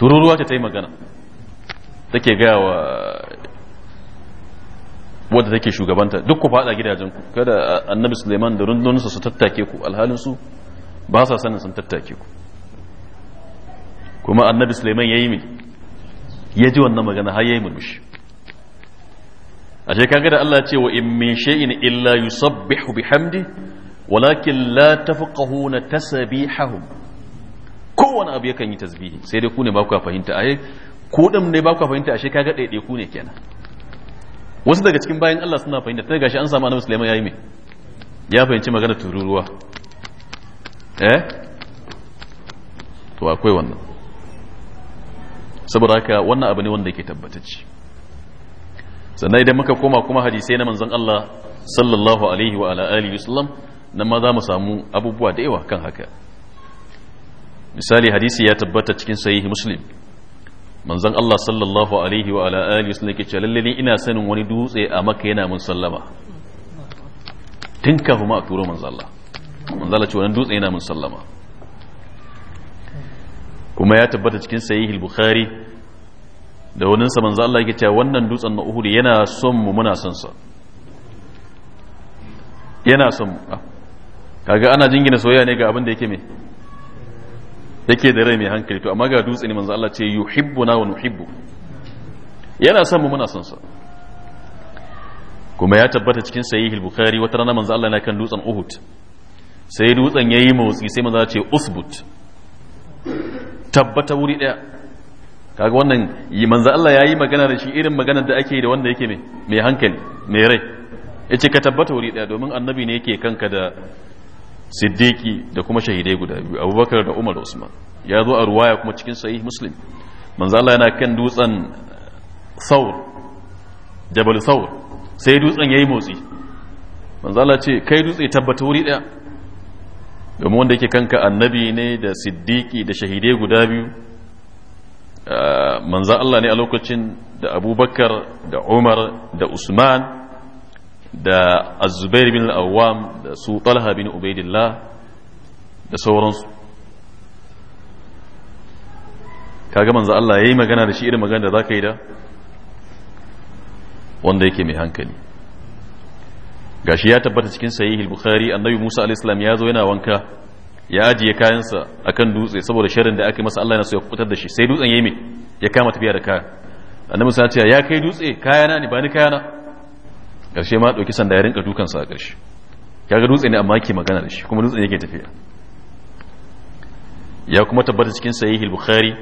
S1: tururuwa ta yi magana take gaya wa wadda take shugabanta duk ku faɗa gidajenku kada annabi suleiman da rundunsa su tattake ku alhalinsu ba sa sanin sun tattake ku kuma annabi suleiman ya yi mai ya ji wannan magana har ya yi murmushi ashe kaga da Allah ce wa in min shay'in illa yusabbihu bihamdi walakin la tafqahuna tasbihahum kowane abu yakan yi tasbihi sai dai ku ne ba ku fahimta ai ko dan ne ba ku fahimta ashe kaga dai ku ne kenan wasu daga cikin bayan Allah suna fahimta ta gashi an samu annabi Sulaiman yayi me ya fahimci magana tururuwa eh to akwai wannan saboda haka wannan abu ne wanda yake tabbatacce sannan idan muka koma kuma hadisai na manzon Allah sallallahu alaihi wa ala alihi wasallam nan ma za mu samu abubuwa da yawa kan haka misali hadisi ya tabbata cikin sahihi muslim manzon Allah sallallahu alaihi wa ala alihi wasallam yake cewa lallai ina sanin wani dutse a maka yana mun sallama tun kafin ma a turo manzon Allah manzon Allah ce wani dutse yana mun sallama kuma ya tabbata cikin sahihi al-bukhari da wani sa za Allah yake cewa wannan dutsen na Uhud yana son mu muna son sa yana son mu ah. kaga ana jingina soyayya ne ga abin da yake me yake da rai mai hankali to amma ga dutse ne manzo Allah ce yuhibbuna wa nuhibbu yana son mu muna son sa kuma ya tabbata cikin sahih al-bukhari wata rana manzo Allah yana kan dutsen Uhud sai dutsen yayi motsi sai manzo ce usbut tabbata wuri daya kaga wannan yi manzo Allah yayi magana da shi irin magana da ake da wanda yake mai mai hankali mai rai yace ka tabbata wuri daya domin annabi ne yake kanka da siddiqi da kuma shahidai guda biyu abubakar da umar da usman ya zo a ruwaya kuma cikin sahih muslim manzo Allah yana kan dutsen saur jabal saur sai dutsen yayi motsi manzo Allah ce kai dutse tabbata wuri daya domin wanda yake kanka annabi ne da siddiki da shahidai guda biyu manzan Allah ne a lokacin da abubakar da umar da usman da azubair bin awam da su talha bin ubaidillah da sauransu kaga manzan Allah ya yi magana da shi irin magana da za ka yi da wanda yake mai hankali gashi ya tabbata cikin sahihul bukhari annabi musa alaihi ya zo yana wanka ya ajiye kayansa a kan dutse saboda sharin da aka masa Allah yana so ya kubutar da shi sai dutsen yi me ya kama tafiya da kayan annabi sai ya kai dutse kayana ne ba ni kayana karshe ma dauki sanda ya rinka dukan sa a karshe kaga dutse ne amma yake magana da shi kuma dutsen yake tafiya ya kuma tabbata cikin sahih al-bukhari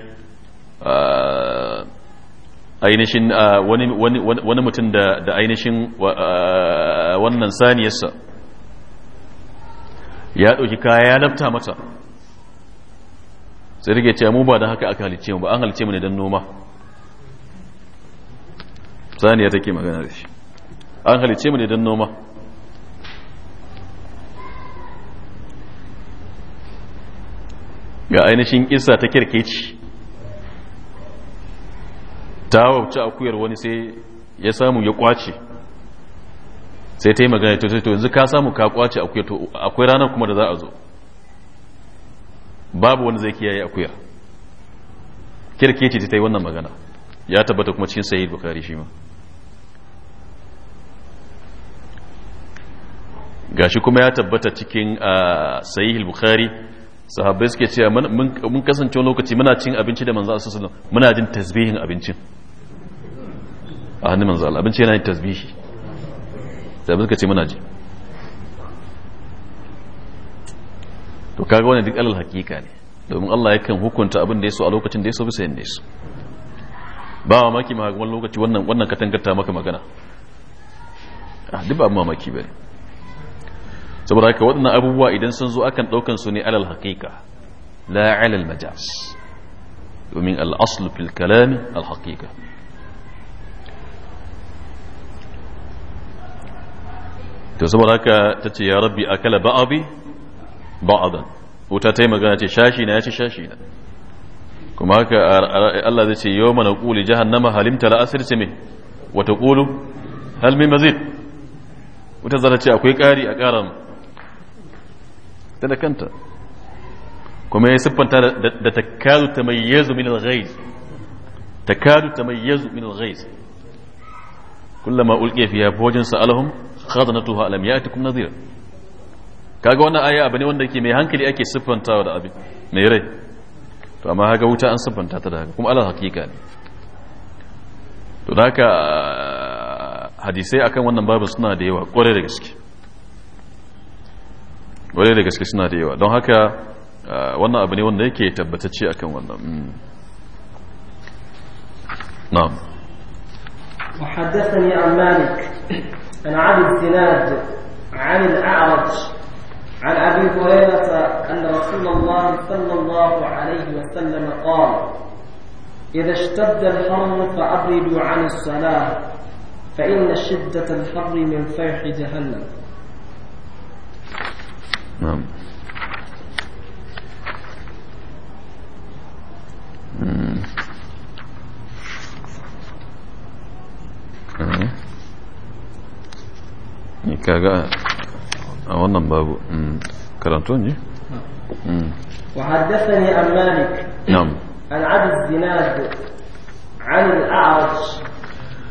S1: ainihin wani mutum da ainihin wannan saniyarsa ya ɗauki kaya ya lafta mata sai rike ce mu ba da haka aka halice mu ba an halice mu ne don noma saniya take magana da shi an halice mu ne don noma ga ainihin kisa ta kirkeci ta wabce akuyar wani sai ya samu ya kwace sai ta yi magana ta to yanzu ka samu ka kwace akuya to akwai ranar kuma da za a zo babu wani zai kiyaye akuya. akuyar ce ta yi wannan magana ya tabbata kuma cikin sahih bukari shi ma gashi kuma ya tabbata cikin ah, sahih bukari sahabbai suke cewa mun kasance lokaci muna cin abinci da manzo sallallahu alaihi wasallam muna jin tasbihin abincin a hannun manzo Allah abinci yana yin tasbihi sai suka ce muna ji to kaga wannan duk alal hakika ne domin Allah yakan hukunta abin da ya so a lokacin da ya so bisa yanda ya ba wa maki ma wani lokaci wannan wannan katangar ta maka magana a ah, duk ba mamaki ne saboda haka waɗannan abubuwa idan sun zo akan ɗaukan su ne alal hakika la alal majas domin al aslu fil kalami al haqiqa to saboda haka ta ce ya rabbi akala ba'abi ba'adan wuta ta yi magana ce shashi na ya ce shashi na kuma haka Allah zai ce yau mana kuli jahannama halimta la asirce me wata kulu halmi mazid wuta zata ce akwai kari a ƙaran ta da kanta kuma ya siffanta da takadu ta mai yazu min al-ghaiz takadu ta mai yazu min al-ghaiz kullama ulqiya fiha fawjin sa'alahum khadnatuha alam yatikum nadhir kaga wannan aya abu ne wanda yake mai hankali ake siffantawa da abin mai rai to amma haka wuta an siffanta ta da haka kuma alal hakika ne to haka ah, hadisai akan wannan babu suna da yawa kwarai da gaske kwarai da gaske suna da yawa don haka ah, wannan abu ne wanda yake tabbatacce akan wannan mm.
S2: na'am وحدثني عن مالك عن عبد الزناد عن الأعرج عن أبي هريرة أن رسول الله صلى الله عليه وسلم قال إذا اشتد الحر فأبردوا عن الصلاة فإن شدة الحر من فيح جهنم نعم Mm-hmm.
S1: kaga a wannan babu mm. karanto
S2: ne mm. wahaddasa ne an malik nam an abu zinad an al'arash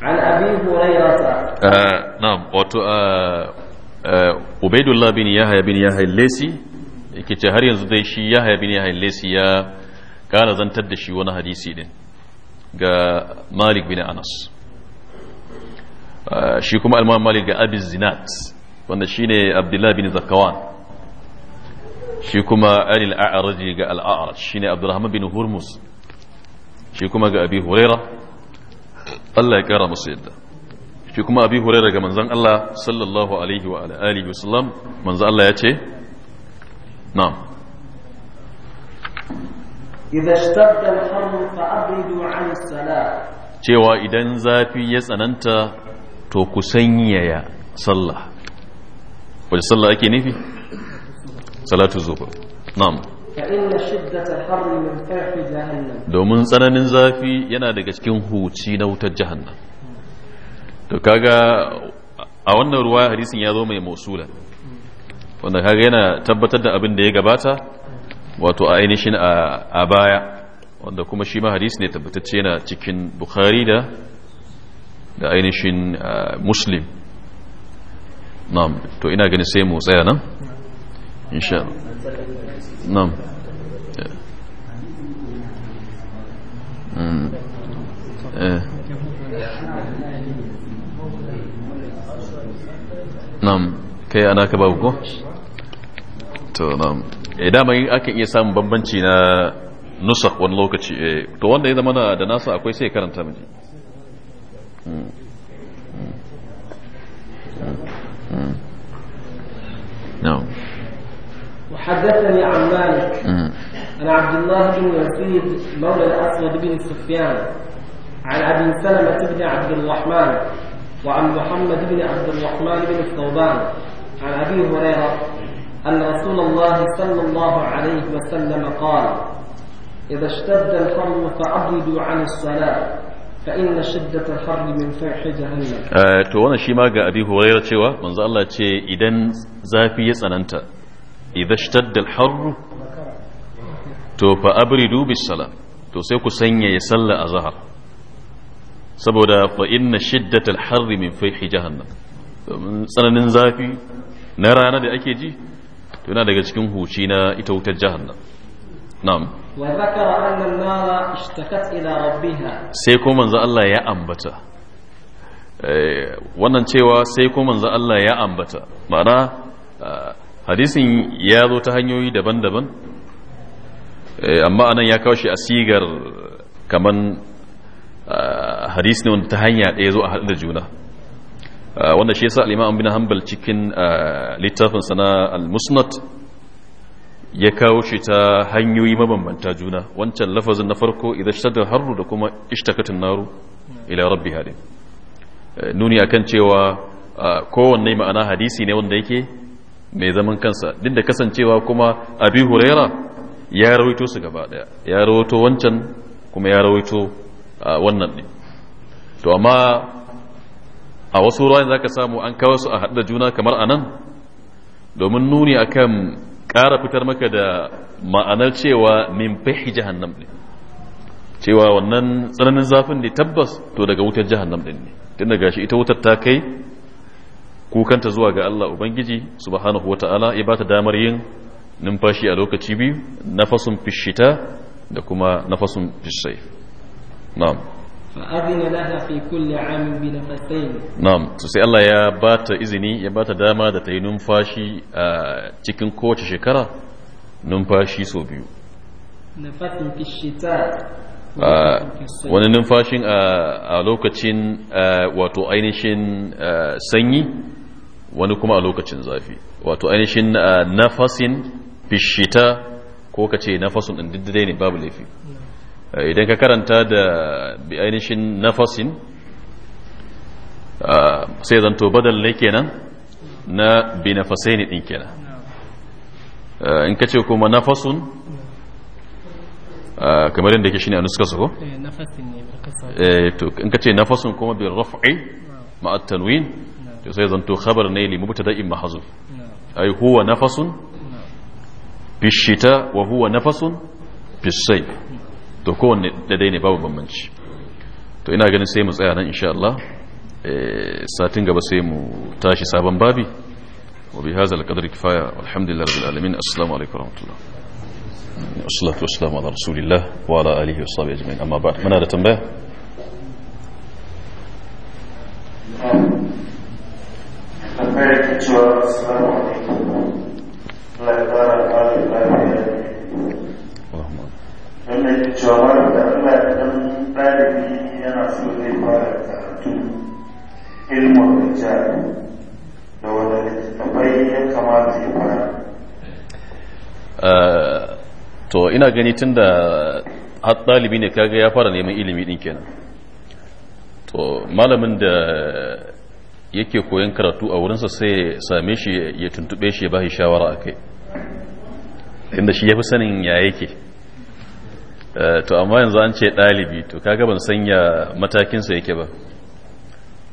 S2: an abin hurai rata
S1: uh, nam wato a uh, uh, ubaidullah bin haya bin yahaya lesi ke ce har yanzu dai shi ya haya bin ya yahaya lesi ya kana zantar da shi wani hadisi din ga malik bin anas shi kuma alman malik ga abin zinat wanda shi ne abdullahi bin zakawan shi kuma anil a'araji ga al'a'ar shi ne abdullahi bin hurmus shi kuma ga abi huraira allah ya kara musu yadda shi kuma abi huraira ga manzan allah sallallahu alaihi wa alihi wasallam manzan allah ya ce na'am
S2: إذا اشتد الحر فأبردوا عن الصلاة
S1: cewa idan zafi ya tsananta to ku sanyaya sallah wajen sallah ake nufi salatu zuhur na'am domin tsananin zafi yana daga cikin huci na wutar jahannam to kaga a wannan ruwa hadisin ya zo mai mausula wanda kaga yana tabbatar da abin da ya gabata wato a ainihin a baya wanda kuma shi ma hadis ne tabbatacce yana cikin bukhari da da ainihin eh, muslim na'am to ina gani sai mu tsaya nan insha na'am mm. eh. na'am kai ana ka babu ko to na'am idan eh, mai aka iya samun bambanci na nusa wani lokaci to wanda ya zama da nasa akwai sai karanta miji نعم
S2: وحدثني عن مالك عن عبد الله بن يزيد مولى الأسود بن سفيان عن أبي سلمة بن عبد الرحمن وعن محمد بن عبد الرحمن بن الثوبان عن أبي هريرة أن رسول الله صلى الله عليه وسلم قال إذا اشتد الحر فأبردوا عن الصلاة فإن
S1: to wannan shi ma ga Abi Hurairah cewa manzo Allah ce idan zafi ya tsananta idza ishtadda al-har to fa abridu bis sala to sai ku sanya ya salla zahar saboda fa inna shiddat al-har min fihi jahannam tsananin zafi na rana da ake ji to yana daga cikin huci na ita wutar jahannam na'am
S2: وذكر أن النار اشتكت إلى ربها
S1: سيكون من الله يا wannan cewa sai ko manzo Allah ya ambata ma'ana eh, hadisin ya zo ta hanyoyi daban-daban eh, amma anan ya kawo shi a sigar kaman eh, hadis ne wanda ta hanya ɗaya zo a haɗu da juna wanda shi yasa al-Imam Ibn Hanbal cikin littafin sana al-Musnad ya kawo shi ta hanyoyi mabambanta juna wancan lafazin na farko idan shaddar harru da kuma ishtakatun naru ila rabbi hadi eh, nuni akan cewa ah, kowanne ma'ana hadisi ne wanda yake mai zaman kansa duk da kasancewa kuma abi huraira ya rawaito su gaba daya ya rawaito wancan kuma ya rawaito ah, wannan ne to amma a wasu ruwan zaka samu an kawo su a haɗa juna kamar anan domin nuni akan ƙara fitar maka da ma'anar cewa min fahi jahannam ne cewa wannan tsananin zafin ne tabbas to daga wutar jahannam din ne tun gashi ita wutar ta kai kukanta zuwa ga Allah Ubangiji subhanahu wata'ala ya bata damar yin numfashi a lokaci biyu nafasun fishita da kuma nafasun fishai na'am Na'am, to sai Allah ya ba ta izini ya ba ta dama da ta yi numfashi a cikin kowace shekara numfashi sau biyu wani numfashin a lokacin wato ainihin sanyi wani kuma a lokacin zafi wato ainihin nafasin fishita ko ka ce nafasun ɗin diddai ne babu laifi idan ka karanta da ainihin nafasin ah, sai zanto badal ne kenan na bi nafasaini din kenan ah, in ka ce kuma nafasun ah, kamar yadda yake shine a nuska sako eh, eh, in ka ce nafasun kuma bi raf'i ma'at tanwin to sai zanto khabar ne li mubtada'in mahzuf ai huwa nafasun fi shita wa huwa nafasun fi sayf to kowanne dai ne babu bambanci to ina ganin sai mu tsaya nan insha Allah satin gaba sai mu tashi sabon babi wa bi hazal qadri kifaya alhamdulillah rabbil alamin assalamu alaikum warahmatullahi wassalatu wassalamu ala rasulillah wa ala alihi wa sahbihi ajma'in amma ba'd muna da tambaya
S2: Thank you. wannan ya cewa mara da Allah ya ɗan ɗalibi yana so zai fara karatu ilmin rijal da wanda littattafai ya kamata ya fara.
S1: To ina gani tun da har ɗalibi ne kaga ya fara neman ilimi ɗin kenan. To malamin da yake koyon karatu a wurinsa sai same shi ya tuntube shi ya ba shi shawara a kai. Inda shi ya fi sanin ya yake. Eh, to amma yanzu an ce ɗalibi to kaga ban sanya matakinsa yake ba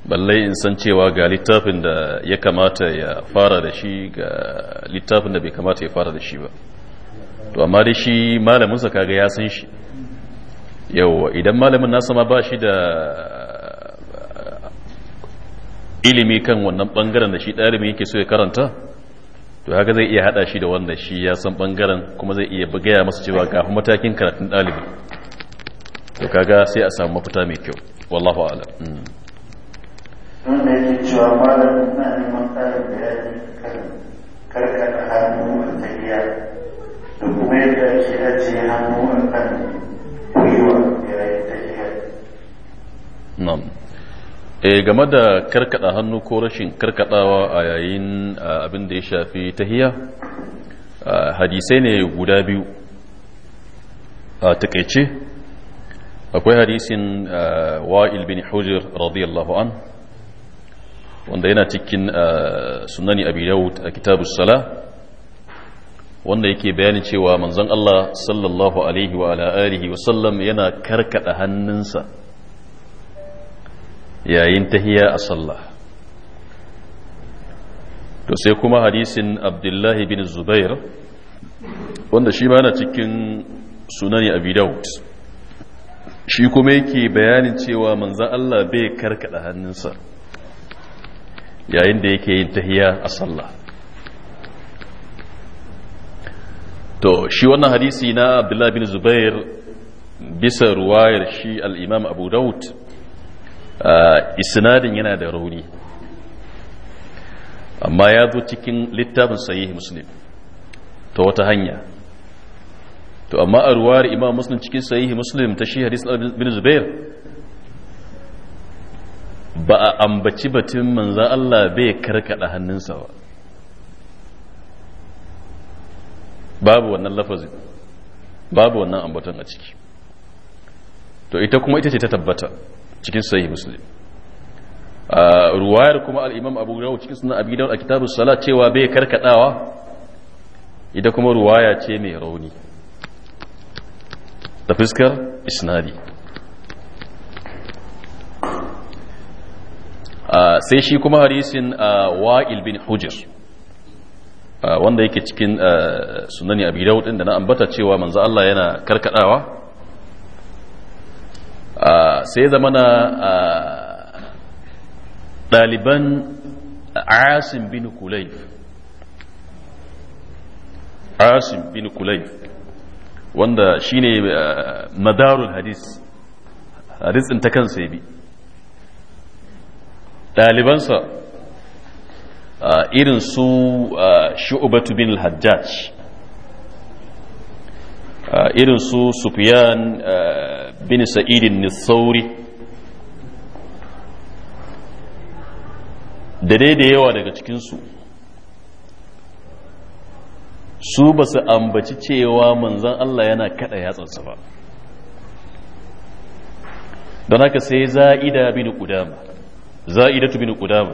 S1: balle in san cewa ga littafin da ya kamata ya fara da shi ga littafin da bai kamata ya fara da shi ba to amma da shi malaminsa kaga ya san shi yauwa idan malamin nasa ma ba shi da eh, ilimi kan wannan bangaren da shi ɗalibin yake so ya karanta to haka zai iya hada shi da wanda shi ya san bangaren kuma zai iya gaya masa cewa ga matakin karatun ɗalibi to kaga sai a samu mafita mai kyau wallahu ala mm.
S2: wanda yake cewa malamin na neman da bayani kan karkata hannu a tafiya da kuma yadda ake ajiye hannu a kan ya yi tafiya.
S1: Nam. e game da karkada hannu ko rashin karkadawa a yayin abin da ya shafi tahiya hadisai ne guda biyu a takaice akwai hadisin wa'il bin hujjar radiyallahu an wanda yana cikin sunani abi a kitabu sala wanda yake bayanin cewa manzon Allah sallallahu alaihi wa alihi wa sallam yana karkada hannunsa yayin tahiya a sallah to sai kuma hadisin abdullahi bin zubair wanda shi ma na cikin sunani abi daud shi kuma yake bayanin cewa manzan Allah bai karkada hannunsa yayin da yake yin tahiya a sallah to shi wannan hadisi na abdullahi bin zubair bisa ruwayar shi al'imam abu daud Eh, isnadin yana da rauni amma ya zo cikin littafin sahih muslim ta wata hanya to amma a ruwar imam muslim cikin sahih muslim ta shi hadis bin zubair ba a ambaci batun manzan Allah bai karkada hannunsa ba babu wannan lafazin babu wannan ambaton a ciki to ita kuma ita ce ta tabbata cikin sahih muslim ruwayar kuma al-imam abu dawud cikin sunan abi dawud a kitabus salat cewa bai karkadawa ida kuma ruwaya ce mai rauni da fuskar isnadi sai shi kuma harisin wa'il bin hujir wanda yake cikin sunani abi din da na ambata cewa manzo Allah yana karkadawa sai zama na ɗaliban asim bin kulayf asim bin kulayf wanda shine madarul hadis hadisin ta kansa ya bi ɗalibansa irin su shu'ubatu bin al-hajjaj irin su sufyan bin sa'idin nisauri da dai da yawa daga cikinsu su ba su ambaci cewa manzan Allah yana kada yatsansa ba don haka sai za'ida bin kudama za'idatu bin kudama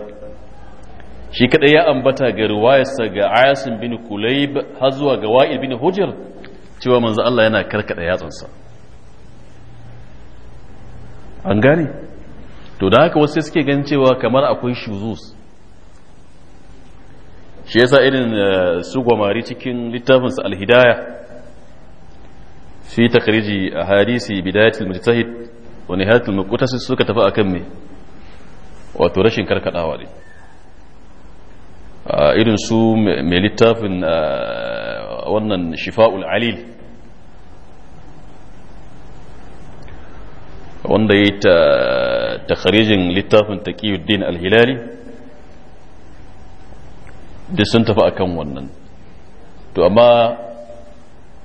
S1: shi kada ya ambata ga ruwayarsa ga ayasin bin kulayb har zuwa ga wa'il bin hujjar cewa manzo Allah yana karkada yatsunsa an gane to da haka wasu suke gan cewa kamar akwai shuzus shi yasa irin eh, su gwamari cikin littafinsa alhidaya fi takriji a hadisi bidayatul mujtahid wa nihayatul muqtasi suka tafi akan me wato rashin karkadawa ne ah, irin su mai littafin eh, wannan shifa'ul alil wanda ya yi takharijin littafin taqiyuddin al-hilali da sun tafi akan wannan to amma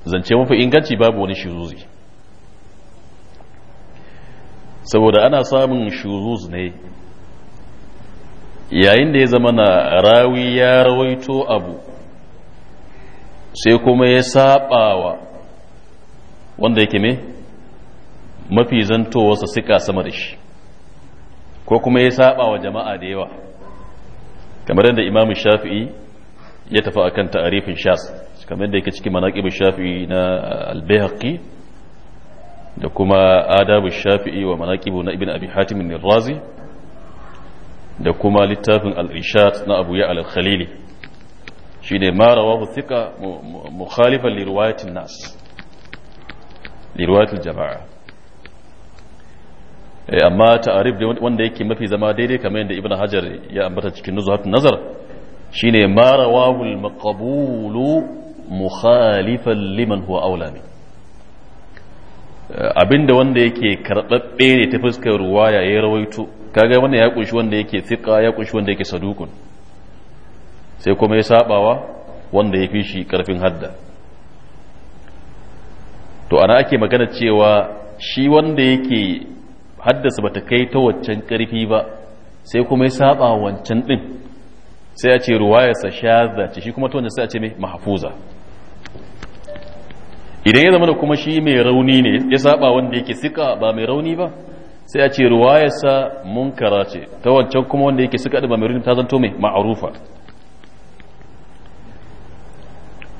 S1: zance mafi inganci babu wani shuzuzi saboda ana samun shuzuz ne yayin da ya zama na rawi ya rawaito abu sai kuma ya saɓawa wanda yake me mafi zantowarsa suka sama da shi ko kuma ya saba wa jama'a da yawa kamar yadda imamu shafi'i ya tafi akan ta'arifin shas kamar yadda yake cikin manaƙibin shafi'i na albehaki da kuma adabu shafi'i wa manaƙibu na ibn abi hatimin razi da kuma littafin al na abu ya al-khalili shine ma rawahu thika mukhalifan li nas li jama'a Eh, amma ta'arif da wanda yake mafi zama daidai kamar yadda ibn hajar ya ambata cikin nuzuhatun nazar shine ma rawahul maqbulu mukhalifan liman huwa aula min eh, abinda wanda yake karbabbe ne ta fuskar ruwaya ya rawaito kaga wanda ya kunshi wanda yake thiqa ya kunshi wanda yake sadukun sai kuma ya sabawa wanda ya fi shi karfin hadda to ana ake magana cewa shi wanda yake haddasa bata kai ta waccan ƙarfi ba sai kuma ya saba wancan ɗin sai a ce ruwayarsa sha ce shi kuma ta sai a ce mai mahafuza? idan ya zama da kuma shi mai rauni ne ya saba wanda yake sika ba mai rauni ba sai a ce ruwayarsa munkara ce ta wancan kuma wanda yake sika da ba mai rauni ta zanto mai ma'arufa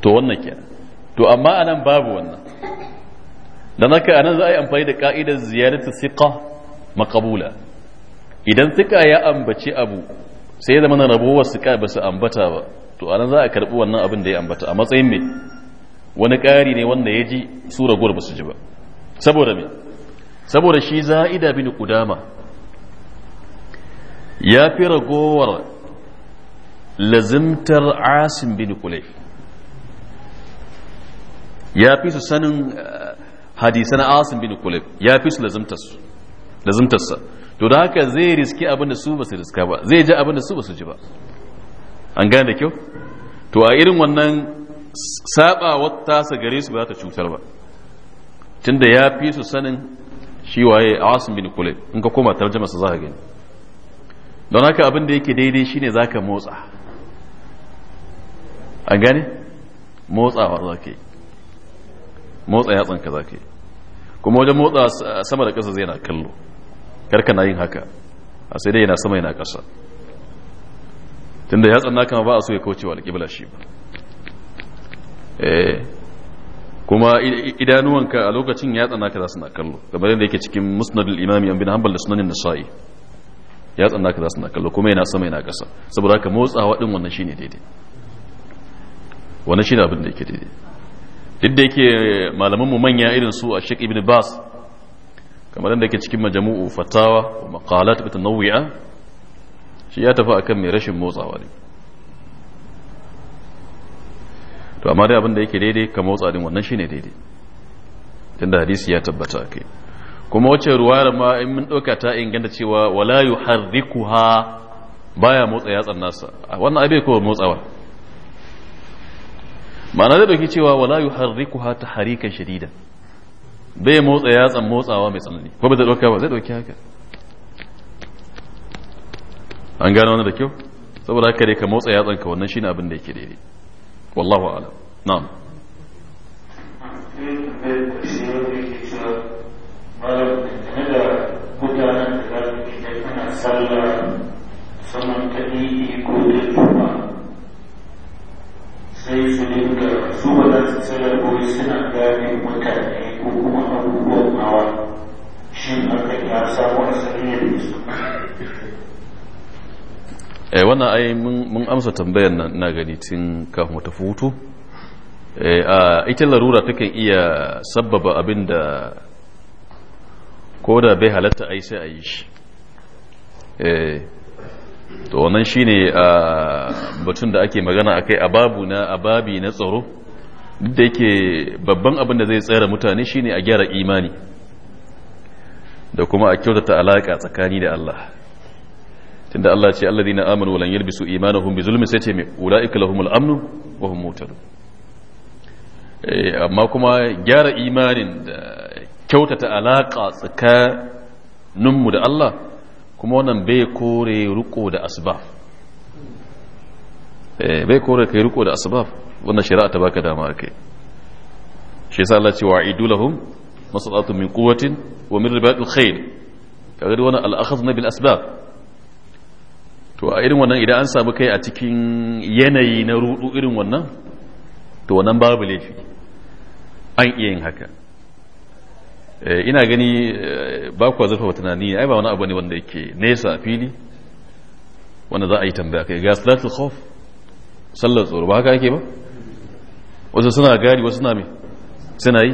S1: to wannan kenan to amma anan babu wannan dan haka anan za a yi amfani da ka'idar ziyaratu siƙa. makabula idan suka ya ambaci abu sai ya zama na rabuwar suka ba su ambata ba to anan za a karɓi wannan abin da ya ambata a matsayin mai wani ƙari ne wanda ya ji su raguwar ba su ji ba saboda me saboda shi za'ida bin kudama ya fi ragowar lazimtar asim bin kulai ya fi su sanin eh, hadisan asim bin kulai ya fi su lazimtar su da zumtarsa to da haka zai riski abin da su ba su riska ba zai ji abin da su ba su ji ba an gane da kyau to a irin wannan saba wata sa gare su ba za ta cutar ba tunda ya fi su sanin shi waye asim bin kulay in ka koma tarjama sa za ka gani don haka abin da yake daidai shine za ka motsa an gane motsawa za ka yi motsa yatsanka za ka yi kuma wajen motsa sama da ƙasa zai na kallo karka na yin haka a sai dai yana sama yana ƙasa tunda ya tsanna kama ba a so ya kauce wa alƙibla shi ba eh, kuma idanuwanka a lokacin ya tsanna ka za su na kallo kamar yadda yake cikin musnadul imam an bin hanbal da sunanin nasa'i ya tsanna ka za su na kallo kuma yana sama yana ƙasa saboda haka motsawa din wannan shine daidai wannan shine abin da yake daidai duk da yake malaman mu manya irin su a shek ibn bas kamar da yake cikin majamu'u fatawa wa maqalat tanawwi'a shi ya tafi akan mai rashin motsawa ne to amma dai abin da yake daidai ka motsa din wannan shine daidai tunda hadisi ya tabbata kai kuma wace ruwayar ma in mun dauka ta inganta cewa wala yuharrikuha baya motsa yatsan nasa wannan abin ko motsawa ma'ana da dauki cewa wala yuharrikuha harikan shadidan bai motsa ya tsan motsawa mai tsanani ko ba zai ɗauka ba zai dauki haka an gano wani da kyau saboda haka dai ka motsa ya tsanka wannan shine abin da yake daidai wallahu a'lam na'am
S2: mutanen da za su ana sallah saman kaɗi sai su dinga su ba za su tsaya gobe suna gane mutane ko kuma abubuwan nawa shin aka ya samu asali ne su
S1: eh wannan ai mun amsa tambayar nan ina gani tun kafin ta hutu eh, a ita larura takan iya sababa abin da ko da bai halatta ai sai a yi shi eh, to wannan shine ah, batun da ake magana akai a babu na ababi na tsaro duk da yake babban abin da zai tsara mutane shine a gyara imani da kuma a kyautata alaka tsakani da Allah tunda Allah ce alladhina amanu wa lan yalbisu imanahum bi zulmi sai ce me ulaika lahumul amnu wa hum muhtadun eh, amma kuma gyara imanin da kyautata alaka tsakaninmu da Allah kuma wannan bai kore riko da asbab eh, bai kore kai riko da asbab wannan shari'a ta baka dama kai shi yasa Allah ce wa lahum masalatu min quwwatin wa min ribatil khayl kaga wannan al-akhadh bil asbab to a irin wannan idan an samu kai a cikin yanayi na rudu irin wannan to wannan babu laifi an iya yin haka Eh, ina gani eh, ba kuwa zurfafa tunani ai ba wani abu ne wanda yake nesa a fili wanda za a yi tambaya kai ga salatul khauf sallar tsoro ba haka yake ba wasu suna gari wasu suna mai suna yi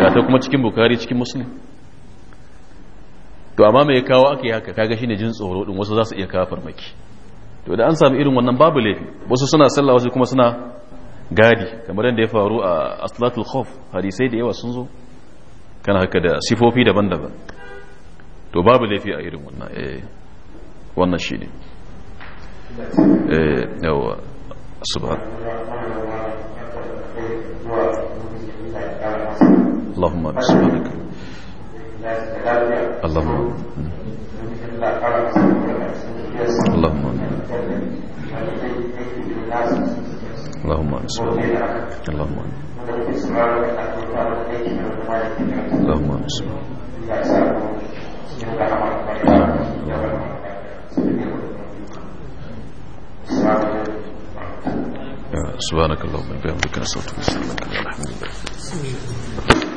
S1: ga ta kuma cikin bukari cikin muslim to amma mai kawo aka yi haka kaga shine jin tsoro din wasu za su iya kawo farmaki to da an samu irin wannan babu laifi wasu suna sallah wasu kuma suna gadi kamar yadda ya faru a aslatul khauf hadisai da yawa sun zo kana haka da sifofi daban-daban to babu laifi a irin wannan eh wannan shi ne eh yawa subhan Allahumma bismillah Allahumma Allahumma Allahumma Allahumma
S2: اللهم
S1: صل سبحانك اللهم وبحمدك نستغفرك ونتوب اليك الحمد
S2: لله